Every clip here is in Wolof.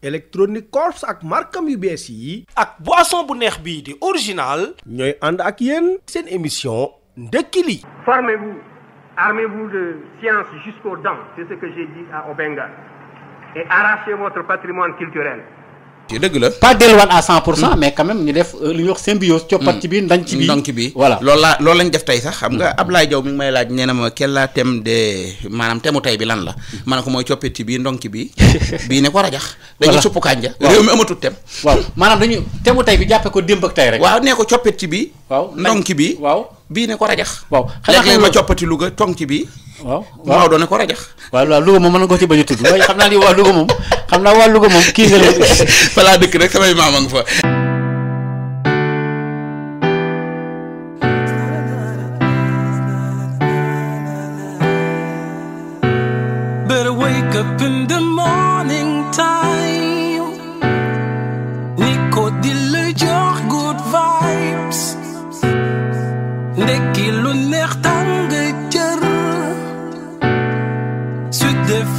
Electronic Corps ak markam yu bees yi ak boisson bu neex bii di original ñooy ànd ak yéen seen émission ndekki li formez-vous armez-vous de science jusqu'aux dents c'est ce que j'ai dit à Obenga et arrachez votre patrimoine culturel dëgg la pas delluwaat à cent pour cent mm. mais quand même ñu def euh, li ñuy wax coppat ci bi ndanc bi ndanc bi voilà loolu laa loolu lañ def tey sax xam nga Ablaye Diaw mi ngi may laaj nee ma quel la thème de maanaam thème tey bi lan la mm. ma ne ko mooy coppati bii ndonk bi bii ne ko rajax waaw maanaam dañu thème tey bi bii waaw waaw doon na ko rajax. waaw waaw Louga moom mën na ko ci bañ a tudd waaye xam naa ni waa Louga moom xam naa waa Louga moom kii nga la. fa laa dëkk rek samay maam fa.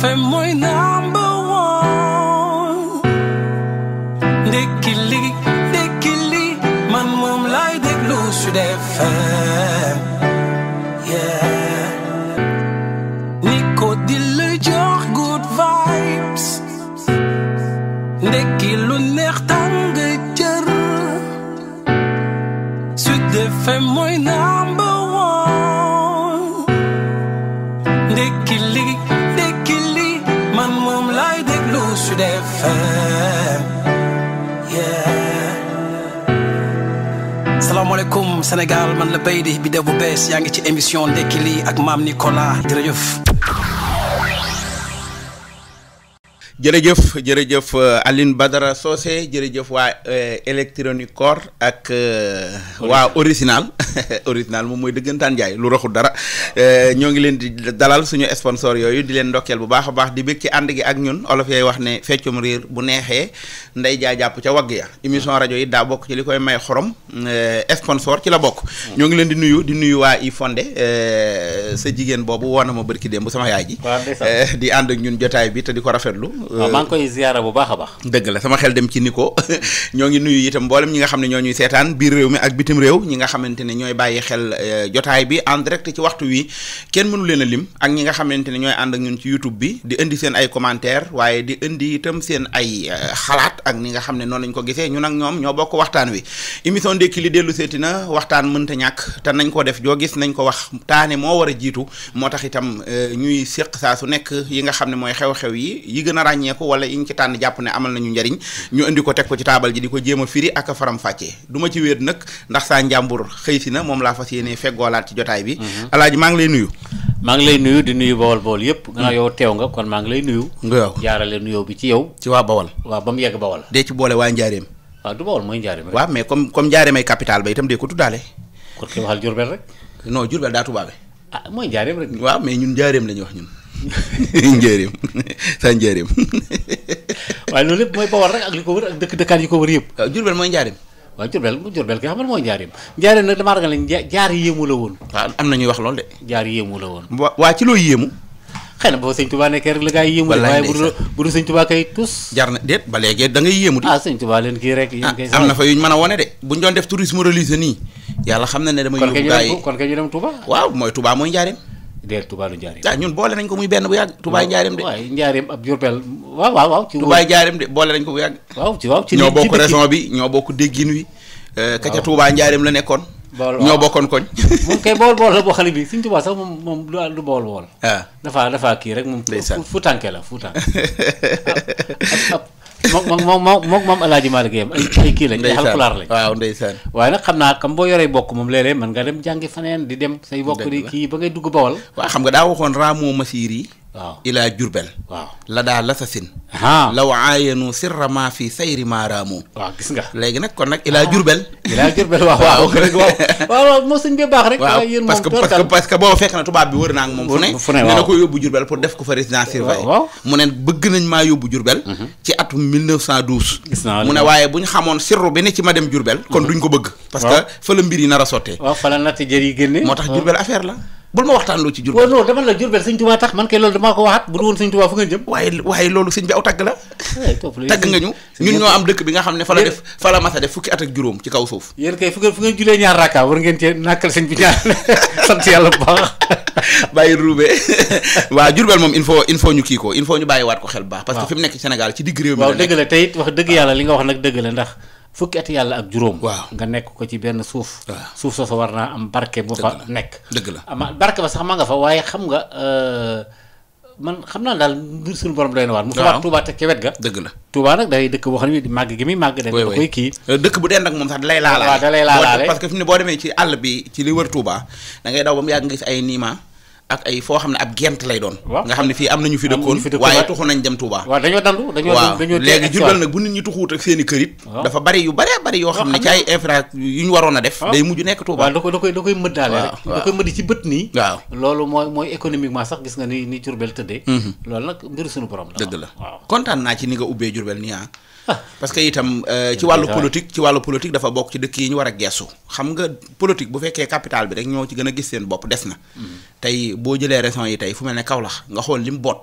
fais mooy number one ndekki li ndekki li man moom laay déglu Sud FM yeah Nico di la jox good vibes ndekki lu neex tàng jër Sud FM mooy number one ndekki li FM yeah man la Beydi bi def bu bees yaa ngi ci émission ndekki lii ak maam Nicolas jërëjëf jërëjëf jërëjëf euh, Aline Badara Socé jërëjëf waa euh, Electronic Corps ak euh, waa original original moom mooy dëggantaan jaay lu raxul dara ñoo ngi leen di dalal suñu sponsor yooyu di leen ndokkeel bu baax a baax di bég ci ànd gi ak ñun olof yay wax ne feccum riir bu neexee nday jaa jàpp ca wagg ya émission rajo yi daa bokk ci li koy may xorom sponsor ci la bokk hmm. ñoo ngi leen di nuyu di nuyu waa i fondé sa jigéen boobu woona ma bërki démb bu sama yaay ji di ànd ñun jotaay bi te di ko rafetlu waaw euh, ah, maa ngi koy ziyaara bu baax a baax dëgg la sama xel dem ci ni ko ñoo ngi nuyu itam mboolem ñi nga xam ne ñoo ñuy seetaan biir réew mi ak bitim réew ñi nga ne ñooy bàyyi xel euh, jotaay bi en direct ci waxtu wi kenn mënu leen lim ak ñi nga xamante ne ñooy ànd ak ñun ci YouTube bi di indi seen ay commentaire waaye di indi itam seen ay euh, xalaat ak ni nga xam ne noonu lañ ko gisee ñun ak ñoom ñoo bokk waxtaan wi émission ndékki li dellu seeti na waxtaan mënta ñàkk te nañ ko def joo gis nañ ko wax taane moo war a jiitu moo tax itam ñuy séq saa su nekk yi nga xam ne mooy xew-xew yi yi gën a ràññ wàññeeku wala yi ñu ci tànn jàpp ne amal nañu njariñ ñu indi ko teg ko ci taabal ji di ko jéem a firi ak a faram fàccee du ci wéet nag ndax saa njàmbur xëy si na moom laa fas yéenee feggoolaat ci jotaay bi mhm. alaaji maa ngi lay nuyu maa ngi lay nuyu di nuyu bawal bawal yëpp gannaaw yow teew nga kon maa ngi lay nuyu nga jaarale nuyoo bi ci yow ci waa bawal waaw ba mu yegg bawal dee ci boole waa njaareem waaw du bawal mooy njaareem waaw mais comme comme njaareem ay capital ba itam dee ko tuddaale kon ki waxal Jurbel rek non Jurbel ah, mais ñun njaareem la ñuy wax ñun njëriñ sa njëriñ. waaye loolu lépp mooy Bawol rek ak li ko wër ak dëkk dëkkaan yi ko wër yëpp. waaw Diourbel mooy njaarim. waaw Diourbel Diourbel ki nga xam ne mooy njaarim njaarim nag damaa ragal ne jaar yéemu la woon. am na ñuy wax loolu de. jaar yéemu la woon. waa ci loolu yéemu. xëy na boo sëñ Tuba nekkee la gaa yi yéemu. wallaay bu dul bu dul na déet ba léegi da ngay yéemu. ah sëñ Tuba leen kii rek. Ah, am na fa yuñ mën a wone de bu ñu doon def tourisme religieux nii yàlla xam na ne dama yóbbu kon kay ñu dem tubaa waaw mooy Tuba mooy njaarim DER Touba lu Njaareem. ah ñun boole nañ ko muy benn bu yàgg. Touba Njaareem de waaw Njaareem ab Diourbel waaw waaw waaw. ci Touba Njaareem de boole nañ ko bu yàgg. waaw ci waaw ñoo bokk raison bi ñoo bokk déggin wi. Euh, waaw kaca Touba Njaareem la nekkoon. ñoo bokkoon koñ. moom kay bool bool la boo xale bi Sëñ Touba sax moom moom du bool bool. waaw ah. dafa kii rek moom. fu tànke la fu tànke. Ah, moom moom moom moom moom El Hadj Malick yam ay kii lañ. ndeysaan ay xalkulaar lañ. waaw ndeysaan. waaye nag xam naa comme boo yoree bokk moom léeg-léeg mën nga dem jàngi faneen di dem. say bokk di kii ba ngay dugg bawal. waa xam nga daa waxoon ma siir yi waaw ilaa jurbel waaw la daa lasasin law aayanu sirra maa fi sayri maaraamu waaw gis nga léegi nag kon nag ilaa ah. jurbel ilaa jurbel parce que parce que booba fekk na tubaab bi wër naa ak moom fu ne ne na ko yóbbu jurbel pour def ko fa résidence surveillée mu ne bëgg nañ maa yóbbu jurbel mhm. ci atum 1912 gis naa mu ne waaye bu ñu xamoon sirru bi ne ci ma dem jurbel kon mhm. duñ ko bëgg parce que fa la mbir yi nar a sottee moo tax jurbel affaire la bul ma waxtaan loo ci Jurbel non dama la Jurbel sëñ Tuubaa tax man kay loolu damaa ko waxaat bu du woon sëñ Tuubaa fu ngeen jëm waaye waaye loolu sëñ bi aw tagg la eh, tagg nga ñu ñun ñoo am dëkk bi nga xam ne fa la def fa la masa def fukki at ak juróom ci kaw suuf yéen kay fu ngeen julee ñaar raaka war ngeen cee nàkkal sëñ bi ñaar sant yàlla ba baax bàyyi ruube waaw Jurbel moom il faut il ñu kii ko il ñu bàyyi waat ko xel baax parce que fi li nga wax nag dëgg la ndax fukki at yàlla ak juróom. waaw nga nekk ko ci benn suuf. suuf soosu war naa am barke bu fa nekk. dëgg la amaa barke ba sax ma nga fa waaye xam nga euh, man xam naa daal mbir suñu borom doy na waar. mu fawaat Touba teg ca ga. dëgg la Touba nag day dëkk boo xam ne màgg gi muy màgg. dañ koy kii euh, dëkk bu dend ak moom sax da laa laalaale. waaw da lay laalaale parce que fi mu ne boo demee ci àll bi ci li wër Touba da ngay daw ba mu yàgg nga gis ay niima. ak ay foo xam ne ak gent lay doon. nga xam ne fii am nañu fi waaye tuxu nañ dem Touba. waaw léegi jurbel nag bu nit ñi tuxuut ak seen i kër it dafa bari yu baree bari yoo xam ne ci ay infra yu ñu waroon a def day mujj nekk Touba da koy da koy rek da koy mëddi ci bët nii waaw loolu mooy mooy économiquement sax gis nga ni ni jurbel tëddee mhm. loolu nag mbiru suñu borom dëgg la waaw kontaan naa ci ni nga ubbee jurbel nii ah parce que itam euh, ci wàllu politique ci wàllu politique dafa bokk ci dëkk yi ñu war a geesu xam nga politique bu fekkee capital bi rek ñoo ci gën a gis seen bopp des na tey boo jëlee régions yi tey fu mel ne kawlax nga xool li mu boot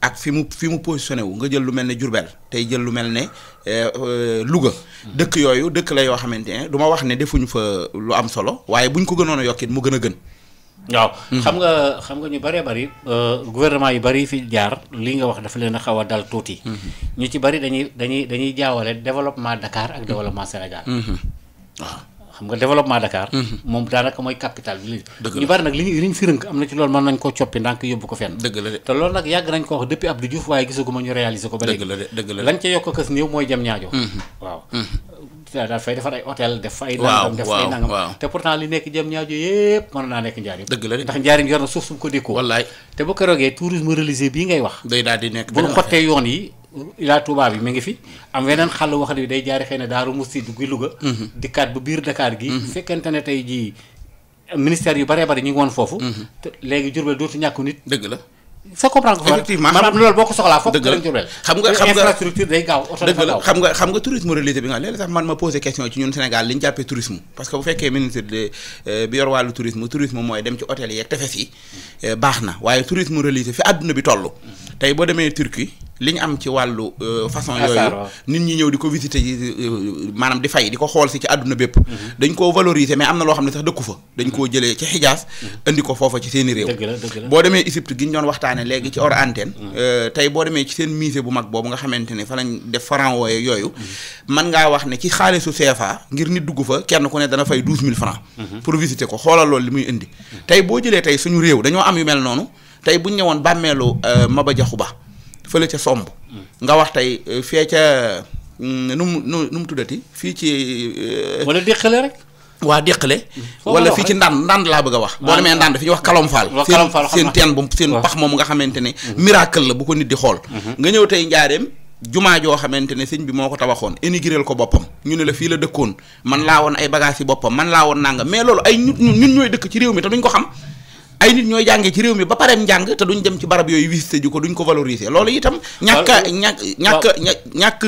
ak fi mu fi mu positionné wu nga jël lu mel ne Diourbel tey jël lu mel ne euh, euh, Louga dëkk yooyu dëkk la yoo xamante ne du wax ne defuñu fa lu am solo waaye buñ ko gënoon a yokkit mu gën a gën waaw mm-hmm. xam nga xam nga ñu bëree bëri euh, gouvernement yi bari fi jaar li nga wax dafa leen a xaw a dal tuuti. Mm-hmm. ñu ci bari dañuy dañuy dañuy jaawale développement Dakar ak mm-hmm. développement Sénégal. waaw xam nga développement Dakar. moom daanaka mooy capital bi. ñu bëri nag li ñu li ñu fi rënk am na ci loolu mën nañ koo coppi ndànk yóbbu ko fenn. dëgg la de te loolu nag yàgg nañ ko wax depuis Abdou Diouf waaye gisaguma ñu réaliser ko. ba léegi lañ ca yokk kës néew mooy jëm ñaajo. daf fay defar ay hôtel def fa ay nangam def fa ay nangam te pourtant li nekk jëm ñaajo yëpp mën naa nekk njaarim dëgg la ndax njaarim yor na suuf su ko dékkoo te bu ko tourisme religieux bii ngay wax day daal di nekk bu ñu xottee yoon yi ilaa Touba bi mi ngi fi am weneen xàll wax bi day jaari xëy na Daaru Musti du gi Louga mhm. dikkaat bu biir Dakar gi mhm. fekkente ne tey jii ministère yu baree bari ñu ngi woon foofu mhm. léegi Jurbel dootu ñàkku nit la sa comprendre ko effectivement maanaam loolu boo xam nga xam nga infrastructure day gaaw dëgg xam nga xam nga tourisme réalité bi nga léegi tax man ma posé question ci ñun Sénégal li ñu jàppee parce que bu fekkee ministre de euh, bi yor wàllu tourisme tourisme mooy dem ci hôtel yi ak tefes yi euh, baax na waaye tourisme réalité fi àdduna bi toll tey boo demee Turquie li ñu am ci wàllu euh, façon yooyu nit ñi ñëw di ko visiter yi euh, maanaam di fay di ko xool si ci àdduna bépp mhm. dañ koo valoriser mais am na loo xam ne sax dëkku fa dañ koo mhm. jëlee ci xijaas mhm. indi ko foofa ci seen i réew boo demee Égypte gi ñu doon waxtaane léegi ci hors antenne euh, tey boo demee ci seen musée bu mag boobu nga xamante ne fa lañ def pharaon yeeg yooyu man ngaa wax ne ci xaalisu CFA ngir nit dugg fa kenn ku ne dana fay douze mille francs pour visiter ko xoolal loolu li indi tey boo jëlee tey suñu réew dañoo am yu mel noonu tey buñ ñëwoon bàmmeelu Maba Jaxu Ba fële ca somb nga wax tey euh, fee ca mm, nu mu nu mu tuddati fii ci. Euh, wala déqale rek. waa déqale. Mm. wala fii ci ndànd ndànd laa bëgg a wax. boo demee ndànd fi ñuy wax kalomfaal. seen teen bu seen pax moom nga xamante ne. Mm-hmm. miracle la bu ko nit di xool. Mm-hmm. nga ñëw tey njaareem. jumaa joo xamante ne sëñ bi moo ko tabaxoon énigreel ko boppam ñu ne la fii la dëkkoon man laa woon ay bagages yi boppam man laa woon nangam mais loolu ay ñun ñun ñooy dëkk ci réew mi te duñ ko xam. ay nit ñooy jàngee ci réew mi ba pareem njàng te duñ dem ci barab yooyu visité ko duñ ko valoriser loolu itam ñàkk ñàkk ñàkk ñàkk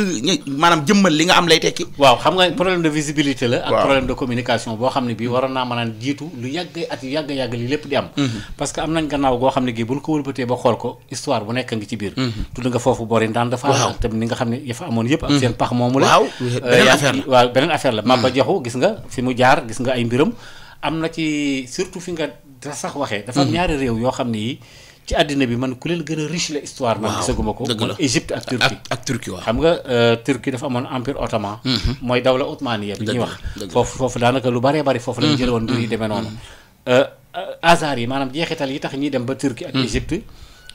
maanaam jëmmal li nga am lay tekki waaw xam nga problème de visibilité la ak problème de communication boo xam ne bii waroon naa maanaam jiitu lu yàgg lépp di am mm-hmm. am nañ gannaaw goo xam ne gii buñ ko wëlbatee ba xool ko histoire bu nekk ngi ci biir mm-hmm. tudd nga foofu bori ndaan dafa tam ni nga xam ne yafa amoon yëpp ak mm-hmm. seen pax moomu la eh, beneen affaire la Maba Jaxu gis nga fi mu jaar gis nga ay mbiram am na ci surtout fi nga te sax waxee. dafa mm-hmm. ñaari réew yoo xam ne yi ci àddina bi man ku leen gën a riche la histoire. man gisaguma ko dëgg la Égypte ak. Turquie ak Turquie waaw. xam nga euh, Turquie dafa amoon empire ottoman. Mm-hmm. mooy dawla ottomaniya bi ñuy wax. foofu foofu daanaka lu baree bari foofu lañ mm-hmm. jëloon mbir yi demee noonu. hasard euh, yi maanaam jeexital yi tax ñuy dem ba Turquie ak Égypte.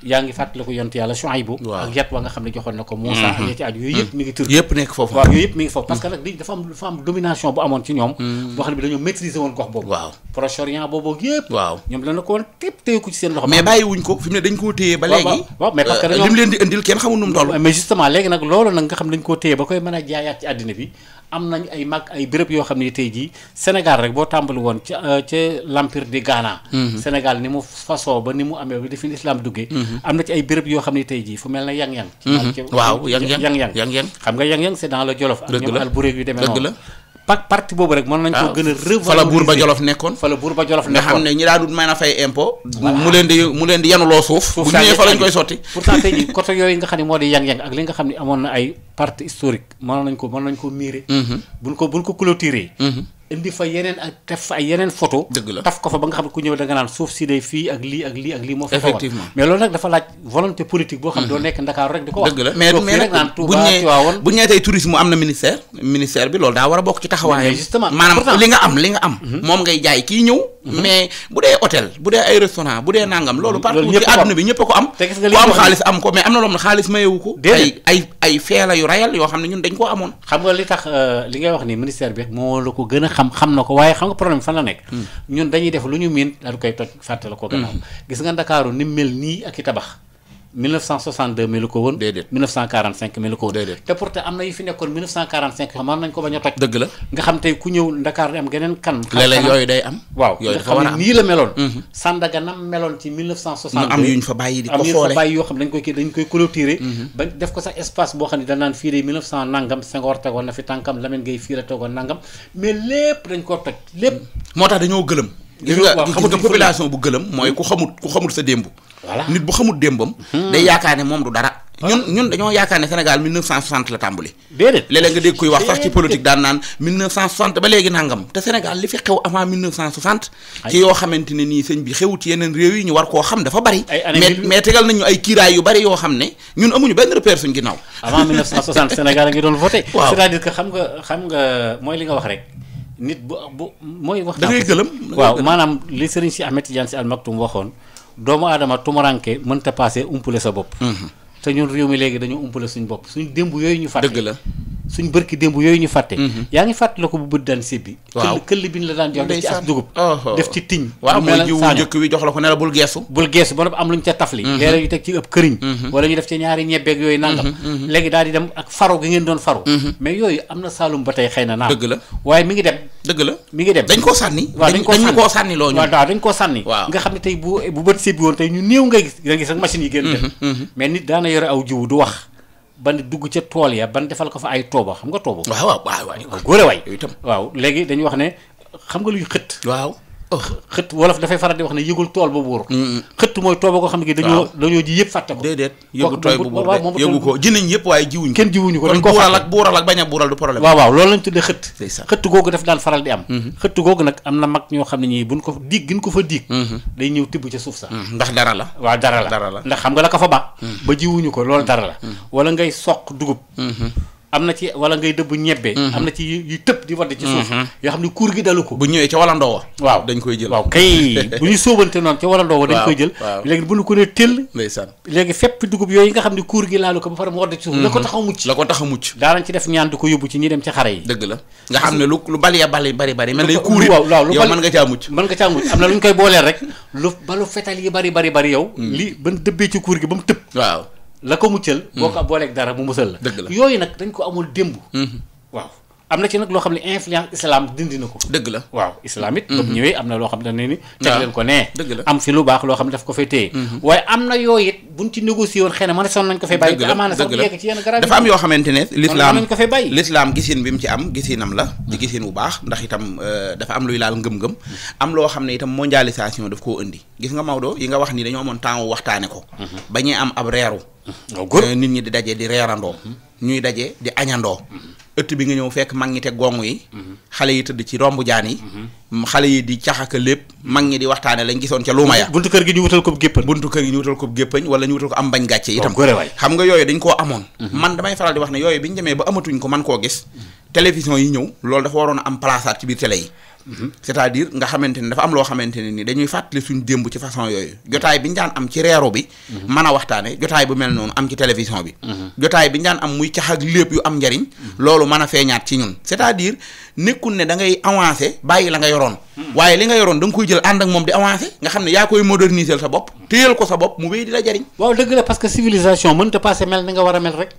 yaa ngi fàttaliku yont yàlla Shuaybu ak yat wa nga xam ne joxoon na ko Moussa ak ya ci aju yooyu yëpp mi ngi tur yëpp nekk foofu waaw yooyu yëpp mi parce que mm-hmm. ne bi ko woon euh, lim leen di indil kenn xamul nu mais justement léegi nag loolu nag nga xam ne dañ koo téye ba koy mën a jaayaat ci àddina bi am nañ ay mag ay béréb yoo xam ne tey jii Sénégal rek boo tàmbali woon ca euh, ca l'empire di Ghana. Mhm. Sénégal ni mu façon ba ni mu amee ba defi islam duggee. Mhm. am na ci ay béréb yoo xam ne tey jii fu mel ne yang-yang. Mhm. waaw yang-yang yang-yang. xam nga yang-yang c'est dans le Jolof. dëgg la ak ñoom albureeg yu demee noonu. pa parti boobu rek mën nañ ko ah, gën a revaloriser fa la buur ba jolof nekkoon fa la buur ba jolof nekkoon nga xam ne ñi daa dut mën a fay impôt mu leen di mu leen di yanuloo suuf bu ñëwee fa lañ koy sotti pourtant tey ji côté yooyu nga xam ne moo di yang-yang ak li nga xam ne amoon na ay parti historique mën nañ ko mën nañ ko miire mm-hmm. buñ ko buñ ko clôturer mm-hmm. indi ko fa ba nga xam ne ku ñëw da naan suuf si day fii ak lii ak lii moo fa mais loolu nag dafa laaj volonté politique boo xam doo mm-hmm. nekk Ndakaaru rek di ko wax dëgg la bu ñëwee tourisme am na ministère ministère bi loolu daa war a bokk ci taxawaayam justement maanaam li nga am mm-hmm. moom ngay jaay kii ñëw mm-hmm. mais bu dee hôtel bu dee ay restaurant bu dee nangam loolu partout ci àdduna bi ñëpp ko am ku am xaalis am ko mais am na loo xam xaalis mayewu xam na ko waaye xam nga problème fan la nekk hmm. ñun dañuy def lu ñu miin daal koy toj fàtte la ko gannaaw hmm. gis nga ndakaaru ni mel nii ak i tabax 1962 mi la ko woon. déedéet 1945 mi la ko woon. déedéet te pourtant am na yu fi nekkoon 1945. xam nañ ko bañ a toj. dëgg la nga xam tey ku ñëw Ndakaar am geneen kan. la meloon. Mhm. Sandaga meloon ci 1962. mu am yu ñu fa bàyyi di ko foole am yu ñu fa mhm. na fi tànkam Lamine Gueye fii la tegoon nangam mais lépp dañ koo toj lépp. moo tax dañoo gëlëm. gis nga population bu gëlëm mooy ku xamut ku xamul sa démb voilà nit bu xamul démbam. Hmm. day yaakaar ne moom du dara. Ah. ñun ñun dañoo yaakaar ne Sénégal 1960 la tàmbali. déedéet léeg-léeg nga dégg kuy wax sax ci politique daan naan 1960 ba léegi nangam te Sénégal li fi xew avant 1960. ci yoo xamante ne nii sëñ bi xewu ci yeneen réew yi ñu war yoo xam ne ñun amuñu benn repère suñ ginnaaw. avant a ngi doon voté. waaw xam nga xam nga nga wax rek. nit bu bu mooy da ngay gëlëm waaw maanaam li Serigne si Ahmed Tidiane si Al waxoon doomu aadama tumuranke mënta paase umpale sa bopp. Mhm. te ñun réew mi léegi dañu umpale suñu bopp suñu démb yooyu ñu. fàtte dëgg la. suñ bërki démb yooyu ñu fàtte mhm. yaa ngi fàtte la ko bu bët daan sébbi këll këll bi ñu la daan jox def ci as dugub def ci tiñ waaw jox la ko ne la geesu bul geesu ba am lu ñu ca tafli mhm. léeg-léeg ñu teg ci ëpp këriñ mhm. def ci ñaari ñebbeeg yooyu nangam léegi daal di dem ak faro gi ngeen doon faro mais yooyu am na saalum ba tey xëy na naam dëgg la waaye mi ngi dem dëgg la mi ngi dem dañ koo sànni waa dañ koo sànni loo ñu waaw dañ koo sànni nga xam ne tey bu bu bët sébbi woon tey ñu néew ngay gis nga gis ak machine yi gën dem mais nit daana yore aw jiwu du wax ban dugg ca tool ya ban defal ko fa ay tooba xam nga tooba. waaw waaw waaw góore waay. itam waaw léegi dañuy wax ne xam nga luy xët. waaw. xëtt wolof dafay faral di wax ne yëgul tool ba buur xëtt mooy tool ba koo a buural du waaw waaw loolu lañ tuddee xëtt xëtt googu daf daan faral di am mm-hmm. xëtt googu nag am na mag ñoo xam ne ñii buñ ko diig gin ko fa diig mm-hmm. day ñëw tibb ca suuf sa mm-hmm. ndax dara la waaw dara la ndax xam nga la ko fa ba ba jiwuñu ko loolu dara la wala ngay soq dugub am na ci wala ngay dëbb ñebbe mhm. am na ci yu tëb di wadd ci suuf mhm. yoo xam ne kuur gi dalu ko bu ñëwee ca walandoo wa waaw dañ koy jël waaw kay bu ñuy sóobante noonu ca walandoo wa léegi bu ñu ko ne tëll ndeysaan léegi fépp dugub yooyu nga xam ne kuur gi laalu ko ba pare mu wadd ci suuf la ko mhm. tax a mucc la ko tax a mucc daanañ ci def ñaan di ko yóbbu ci ñi dem ci xare yi dëgg la nga xam ne lu lu bali a bali bari bari man lay kuur waaw waaw yow mën nga caa nga caa ñu koy booleel rek lu balu fetal yi bari bari bari yow mm. li ban dëbbee ci kuur gi ba mu tëb waaw la ko muccal. boo hmm. ko booleeg dara mu musal la. dëgg la yooyu nag dañ ko amul démb. Hmm. waaw am na ci nag loo xam ne influence islam dindi na ko. dëgg la waaw islam it. Mhm. ba mu ñëwee am na loo xam ne ne ni. teg leen ko nee. dëgg la am fi lu baax loo xam ne daf ko fay téye. Mhm. waaye am na yooyu it buñ ci négocier woon xëy na mën a sonn nañ ko fay bàyyi. dëgg la amaana sax yegg ci yenn garab dafa am yoo xamante ne. l'islam nañ ko fay bàyyi l'islam bi mu ci am gisinam la. di mhm. gisin bu baax ndax itam euh, dafa am luy laal ngëm-ngëm. am loo xam ne itam mondialisation daf ko indi gis nga Maodo yi nga wax ni dañoo amoon temps waxtaane ko. ba ñuy am ab reeru. Euh, nit ñi di daje di reerandoo ñuy daje di añandoo ëtt bi nga ñëw fekk mag ñi te gong yi xale yi tëdd ci romb jaan yi xale yi di caxaka lépp mag ñi di waxtaane lañ gisoon ca luuma ya buntu kër gi ñu wutal ko géppañ buntu kër gi ñu wutal ko géppañ wala ñu wutal ko am bañ gàcce oh, itam xam nga yooyu dañ koo amoon mhm. man damay faral di wax ne yooyu bi ñu demee ba amatuñ ko man koo gis mhm. télévision yi ñëw loolu dafa waroon a am placard ci biir télé yi c'est-à-dire nga xamante ni dafa am loo xamante ne ni dañuy fàttali suñ démb ci façon yooyu jotaay bi ñu daan am ci reero bi mën a waxtaane jotaay bu mel noonu am ci télévision bi jotaay bi ñu am muy cax ak lépp yu am njariñ loolu mën a feeñaat ci ñun c'est-à-dire nekkul ne da ngay avancé bàyyi la nga yoroon waaye li nga yoroon da nga koy civilisation mënta passé mel ni nga war a mel rek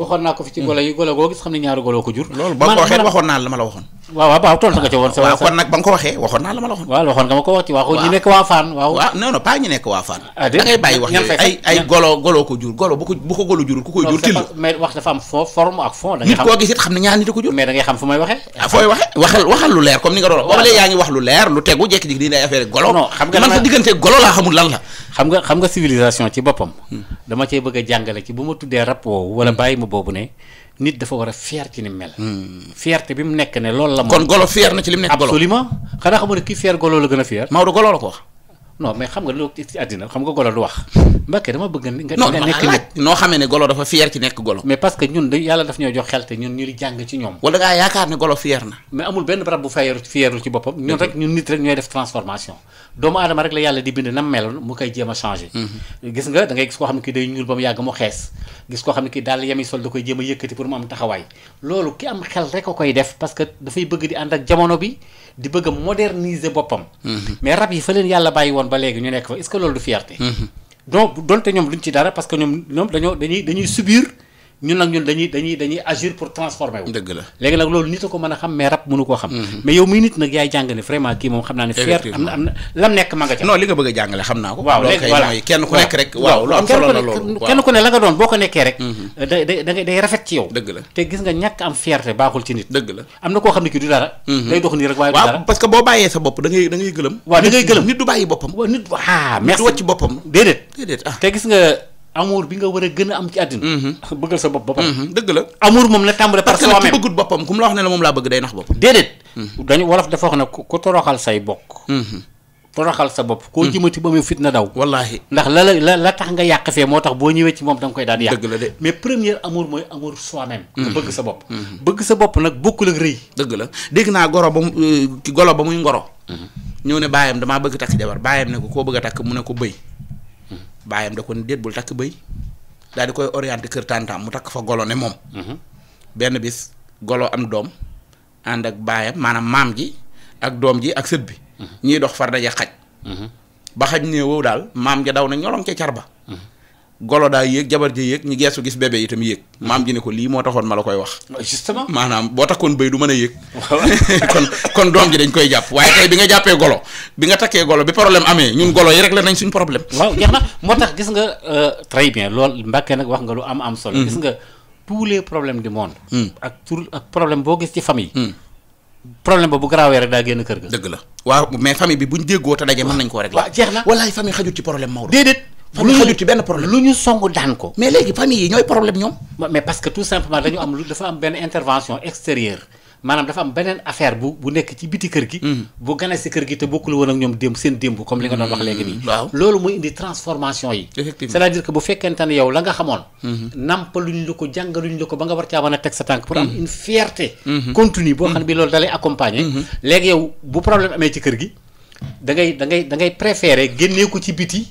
waxoon naa ko fi ci golo yi golo goo gis xam ne ñaari golo ko jur loolu ba ko waxoon naa la ma la waxoon waaw waaw waaw tontu nga ci woon. waaw kon nag ba nga ko waxee waxoon naa la ma la nga ma ko wax ci waxu ñu nekk waa waaw. waaw non ñu nekk waa Fann. Ah, bàyyi wax yooyu ay ay golo golo ko jur golo bu ko bu ko golo jurul ku koy jur. til wax dafa am fond forme ak fond. da ngay xam nit koo gis it xam ne ñaar a ah, wax. waaw yaa ngi wax lu leer lu tegu jékki-jékki di day affaire golo. non xam nga man sa diggante golo laa xamul lan la. xam nga xam nga civilisation ci boppam. Hmm. dama cee bëgg a jàngale ci bu ma tuddee rap woowu wala hmm. bàyyi ma boobu ne nit dafa war a fier ci ni mu mel. Hmm. fierté bi mu nekk ne loolu la. kon golo fier na ci li mu nekk golo xanaa xam kii fier golo la gën a fier. Maodo golo la ko wax. non mais xam nga lu mhm. da gis koo xam ne kii day ñuul ba mu yàgg mu xees gis koo xam ne kii daal yemi sol da koy jéem a yëkkati pour mu am taxawaay loolu ki am xel rek a koy def parce dafay bëgg di ànd ak jamono bi di bëgg a boppam mhm. mais rab yi fa leen yàlla bàyyi woon ba léegi ñu nekk fa est-ce du fierté mm-hmm. donc donte ñoom duñ ci dara parce ñoom dañoo dañuy dañuy ñun nag ñun dañuy dañuy dañuy agir pour transformer wu. dëgg la léegi nag loolu nit a ko mën a xam mais rab mënu koo xam. Mhm. mais yow muy nit nag yaay jàngale na nit. koo xam ne kii mhm. du bàyyi boppam. waaw nit ah merci nit du wàcc boppam déedéet déedéet ah. te gis nga amour bi nga war a gën a am ci àddina. Mm-hmm. bëggal sa bopp ba mm-hmm. dëgg la amour moom la tàmbale par soi-même parce que bëggut boppam ku mu la wax ne la moom laa bëgg day nax boppam. Mm-hmm. sa bopp. koo jëmati ba muy fitna daw. wallaahi ndax la la la tax nga yàq fee moo tax boo ñëwee ci moom da koy daan yàq. dëgg la de mais premier mooy amour soi-même. bëgg sa bopp. bëgg sa bopp nag bokkul ak rëy. dëgg la dégg naa goro ba mu euh, golo ba muy ngoro. ñëw ne baayam damaa bëgg takk jabar baayam ne ko koo bëgg a takk mu a ko bëy baayam da ko ni déet bul takk bëy daal di koy orienté kër tàntaam mu takk fa golo ne moom. Mhm. benn bis golo am doom ànd ak baayam maanaam maam ji ak doom ji ak sët bi. Mhm. ñiy dox far daje xaj. Mhm. ba xaj néewoo daal maam ja daw na ñolong ca car ba. golo daa yéeg jabar ji yéeg ñu geesu gis bébé itam yéeg maam ji ne ko lii moo taxoon ma la koy wax ah, justement maanaam boo koon béy du mën a yéeg kon kon doom ji dañ koy jàpp waaye tey bi nga jàppee golo bi nga takkee golo bi problème amee ñun golo yi rek la nañ suñ problème waaw jeex na moo tax gis nga euh, très bien loolu Mbàkke nag wax nga lu am am solo mm-hmm. gis nga tous les mm. problème boo gis ci famille mm. problème ba bu garaawee rek daa génn kër la waaw mais famille bi buñ déggoo te daje mën nañ koo rek la jeex na walaay famille xajut ci problème Maodo déedéet famille xajut ci benn problème lu ñu songu daan ko. mais léegi famille yi ñooy problème ñoom. mais parce que tout simplement dañu am lu dafa am benn intervention extérieure maanaam dafa am beneen affaire bu bu nekk ci biti kër gi. Hmm. bu gane si kër gi te bokkul woon ak ñoom démb seen démb comme li nga doon wax léegi nii. Hmm. waaw loolu mooy bu fekkente ne yow la nga xamoon. Hmm. nampaluñ la ko la ko ba nga war caa mën a teg sa tànk. pour am une fierté. continue boo xam ne bi loolu dalay accompagner. léegi bu problème amee ci kër da ngay da ngay da ngay préférer génnee ko ci biti.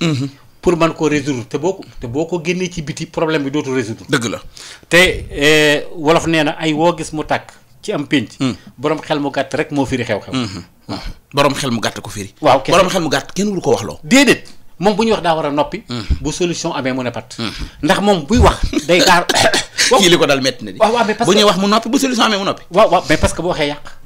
pour man koo résoudre te boo ko te boo ko génnee ci biti problème bi dootul résoudre. dëgg la te eh, wolof nee na ay woo gis mu takk ci am pénc. Hmm. borom xel mu gàtt rek moo firi xew-xew. Hmm, hmm. waaw borom xel mu gàtt ko waaw borom xel mu gàtt kenn wul ko wax loo. déedéet moom bu ñu wax daa war a noppi. bu solution amee mu ne pat. ndax moom buy wax day kii li ko dal métti na bu ñuy wax mu noppi bu solution amee mu noppi. waaw waaw mais parce que bu waxee yàq.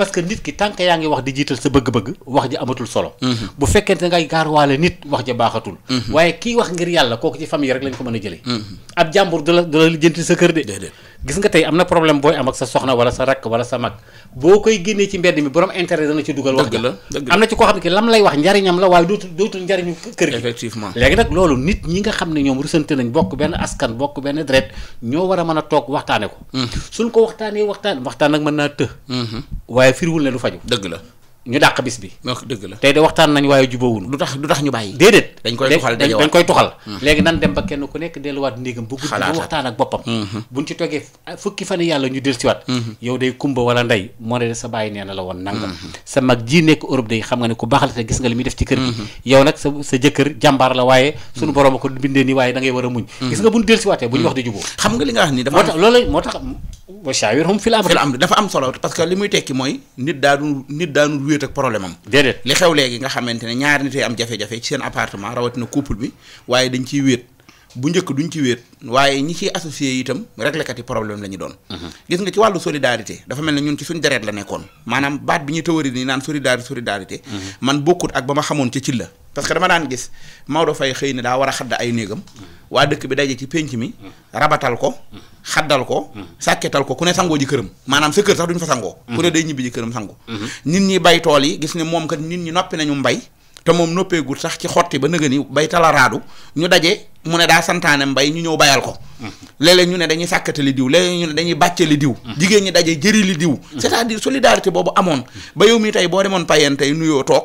parce que nit ki tant que yaa ngi wax di jiital sa bëgg-bëgg wax ji amatul solo mhm. bu fekkente ngay gaaruwaale nit wax ja baaxatul mhm. waaye kii wax ngir yàlla kooku ci famille rek lañ ko mën a jëlee mhm. ab jàmbur du la du sa kër de gis nga tey am na problème booy am ak sa soxna wala sa rakk wala sa mag boo koy génnee ci mbedd mi borom intérêt dana ci dugal. wax la am na ci koo xam ne ki lam lay wax njariñam la waaye dootul dootul njariñu kër gi. effectivement léegi nag loolu nit ñi nga xam ne ñoom rusante nañ bokk benn askan bokk benn deret ñoo war a mën a toog waxtaane ko. Mm. suñ ko waxtaanee waxtaan waxtaan nag mën naa të. Mm-hmm. waaye firiwul ne du faju dëgg la ñu dàq bis bi. wax dëgg la tey de waxtaan nañ waaye jubóowuñu. du tax du tax ñu bàyyi. déedéet dañ koy tuxal dañ koy tuxal. Hmm. léegi nan dem ba kenn ku nekk delluwaat ndéegam. bu gudd bu waxtaan ak boppam. Hmm. buñ ci toggee fukki fan yàlla ñu dellusiwaat. Hmm. yow day kumba wala ndey moo ne de sa bàyyi nee na la woon nangam. sa mag ji nekk Europe day xam nga ne ku baaxal te gis nga li muy def ci kër gi. yow nag sa sa jëkkër jàmbaar la waaye. suñu borom a ko bindee nii waaye da ngay war a nga buñ dellusiwaatee buñ wax di jubóo. xam wax ni dafa moo wa shaawirhum fil amr dafa am solo parce que li muy tekki mooy nit daanu nit daanu wéet ak problème am. déedéet li xew léegi nga xamante ne ñaari nit am jafe-jafe ci seen appartement rawatina couple bi waaye dañ ciy wéet bu njëkk duñ ci wéet waaye ñi ciy associé itam réglekat yi problème la ñu doon. Mhm. gis nga ci wàllu solidarité dafa mel ne ñun ci suñ deret la nekkoon maanaam baat bi ñuy tëwëri nii naan solidarité solidarité. Mhm. man bokkut ak ba ma xamoon ca ci la. parce que dama daan gis Maodo Faye xëy na daa war a xadd ay néegam waa dëkk bi daje ci pénc mi rabatal ko xaddal ko sàkketal ko ku ne sangoo ji këram maanaam sa kër sax duñ fa sangoo ku ne day ñibbi ji këram sangu nit ñi bay tool yi gis ne moom kat nit ñi noppi nañu mbay te moom noppeegul sax ci xotti ba nëga ni bay talaraadu ñu daje mu ne daa santaane mbay ñu ñëw bayal ko léeg ñu ne dañuy sàkkatali diw léeg ñu ne dañuy bàccali diw jigéen ñi daje jëri li diw mm. cest solidarité boobu amoon ba yow mi tey boo demoon payen tey nuyoo toog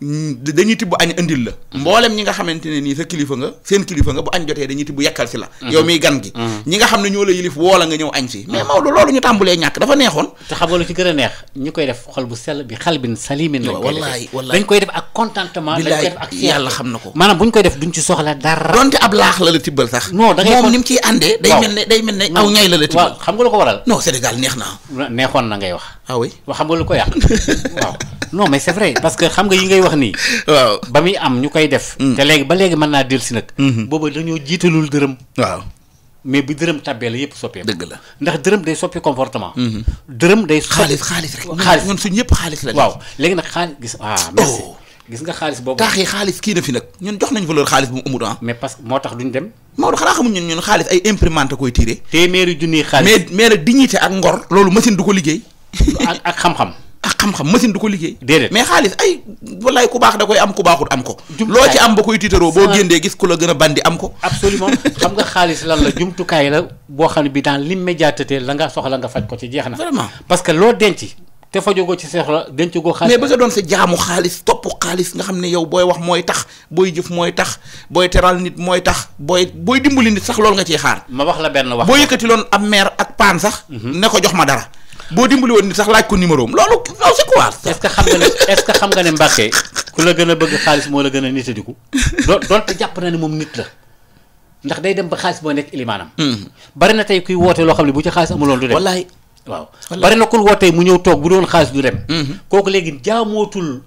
Mm, dañuy tibb añ indil la mhm. mboolem ñi nga xamante ne nii sa kilifa nga seen kilifa nga bu añ jotee dañuy tibb yàkkal si la mhm. yow miy gan gi mhm. ñi nga xam ne ñoo la yilif woo la nga ñëw añ si mais Maodo loolu ñu tàmbulee ñàkk dafa neexoon te xam nga lu ci gën a neex ñi koy def xol bu sell bi xalbin salimin lañ wallaay dañ koy def ak contentement dañ yàlla xam na ko maanaam buñ koy def duñ ci soxla dara donte ab laax la la tibbal sax non da ngay moom ni ciy àndee day mel ne day mel ne aw ñay la la tibbal xam nga lu ko waral non Sénégal neex na neexoon na ngay wax ah oui waaw xam nga lu ko yàq waaw mais c'est vrai parce que xam nga yi ngay wax nii. waaw ba muy am ñu koy def. Mm. te léegi ba léegi man naa dellu si nag. Mm-hmm. boobu dañoo jiitalul dërëm. waaw mais bi dërëm tabbee la yëpp soppeeku. dëgg la ndax dërëm day soppi comportement. Mm-hmm. dërëm day. xaalis xaalis rek xaalis ñun suñ ñëpp xaalis la. waaw léegi nag xaalis gis ah merci. Oh. gis nga xaalis boobu taax yi xaalis kii na fi nag ñun jox nañ valeur xaalis bu mu amul ah. mais parce que moo tax duñu dem Maodo xanaa xamuñ ñun ñun xaalis ay imprimante koy tiré téeméeri junni xaalis mais mais nag dignité ak ngor loolu machine du ko liggéey ak ak xam-xam. ak xam-xam machine du ko liggéey. déedéet mais xaalis ay wallaay ku baax da koy am ku baaxut am ko. loo ci am ba koy tiitaroo boo génnee gis ku la gën a bandi am ko. absolument xam nga xaalis lan la jumtukaay la boo xam ne bi dans l'immédiateté la nga soxla nga faj ko ci jeex na. vraiment parce que loo denc. te fa jógoo ci seex la denc goo xaalis ba nga doon sa jaamu xaalis topp xaalis nga xam ne yow booy wax mooy tax booy jëf mooy tax booy teral nit mooy tax booy booy dimbali nit sax loolu nga ciy xaar. ma wax la benn wax boo yëkkati loon ab meer ak paan sax. Mhm. ne ko jox ma dara. boo dimbali woon ni sax laaj ko numéro am loolu loolu c'est quoi. est ce que xam nga ne est ce que xam nga ne Mbacke ku la gën a bëgg xaalis moo la gën a nitadiku doo doonte jàpp na ne moom nit la ndax day dem ba xaalis boo nekk ilimaanam. Hmm. bari na tey kuy woote loo xam ne bu ci xaalis amuloon du dem wallaay waaw bari na ku wootee mu ñëw toog bu doon xaalis du dem. Hmm. kooku léegi jaamootul.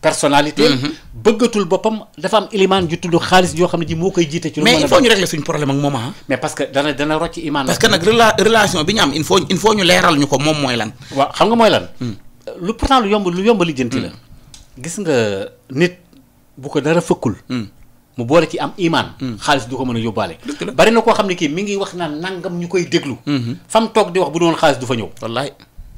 personnalité. Mhm. bëggatul boppam dafa am ilimaan ju tudd xaalis yoo xam ne ji moo koy jiite. ci lu mën a mais il faut ñu régler suñu problème ak moom ah. mais parce que dana dana rocc imaan. parce que nag relation bi ñu am il faut il faut ñu leeral ñu ko moom mooy lan. waaw xam nga mooy lan. Hmm. lu pourtant lu yomb lu yomb lijjanti la. Hmm. gis nga nit bu ko dara fëkkul. Hmm. mu boole ci am imaan. xaalis du ko mën a yóbbaale. bari na koo xam ne kii mi ngi wax naa nangam ñu koy déglu. fam toog di wax xaalis du fa ñëw. wallaay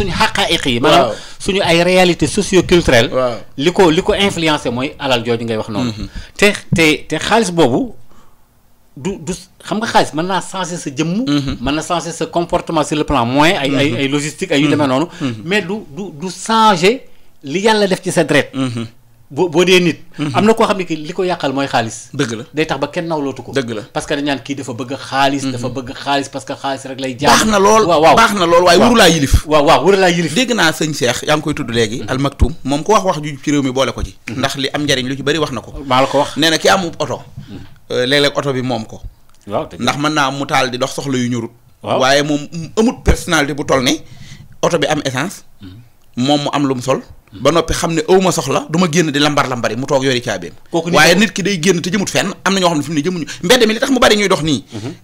suñu xaqaayiq yi. maanaam suñu ay réalité socio culturelle. li ko li ko influencé mooy alal jooju ngay wax noonu. Mm-hmm. te te te xaalis boobu du du xam nga xaalis mën naa changer sa jëmm. Mm-hmm. mën na changer sa comportement sur le plan moyen. ay ay mm-hmm. ay logistique ay yu demee noonu. mais du du du changer li yàlla def ci sa deret. boo boo dee nit. Mhm. am na koo xam ne ki li ko yàqal mooy xaalis. dëgg la day tax ba kenn nawlootu ko. dëgg la parce que dañ naan kii dafa bëgg xaalis. dafa mhm. bëgg xaalis parce que xaalis rek lay. jaar baax na lool waaw baax na lool waaye wuru laa yilif. waaw waaw wuru laa yilif. dégg naa sëñ Cheikh yaa ngi koy tudd léegi. Mhm. Al Maktoum moom ku wax wax ju ci réew mi boole ko ci. ndax li am njariñ lu ci bari wax na ko. maa ko wax nee na ki amub oto. Euh, léeg-léeg oto bi moom ko. waaw ndax mën naa am mu taal di dox soxla yu ñurut. waaw waaye moom amut personnalité bu toll ne oto bi am essence moom mu am lu mu sol ba noppi xam ne awma soxla du ma génn di lambar lambari mu toog yori caabeem waaye nit ki day génn te jëmut fenn am na ñoo xam ne fi ne mhm.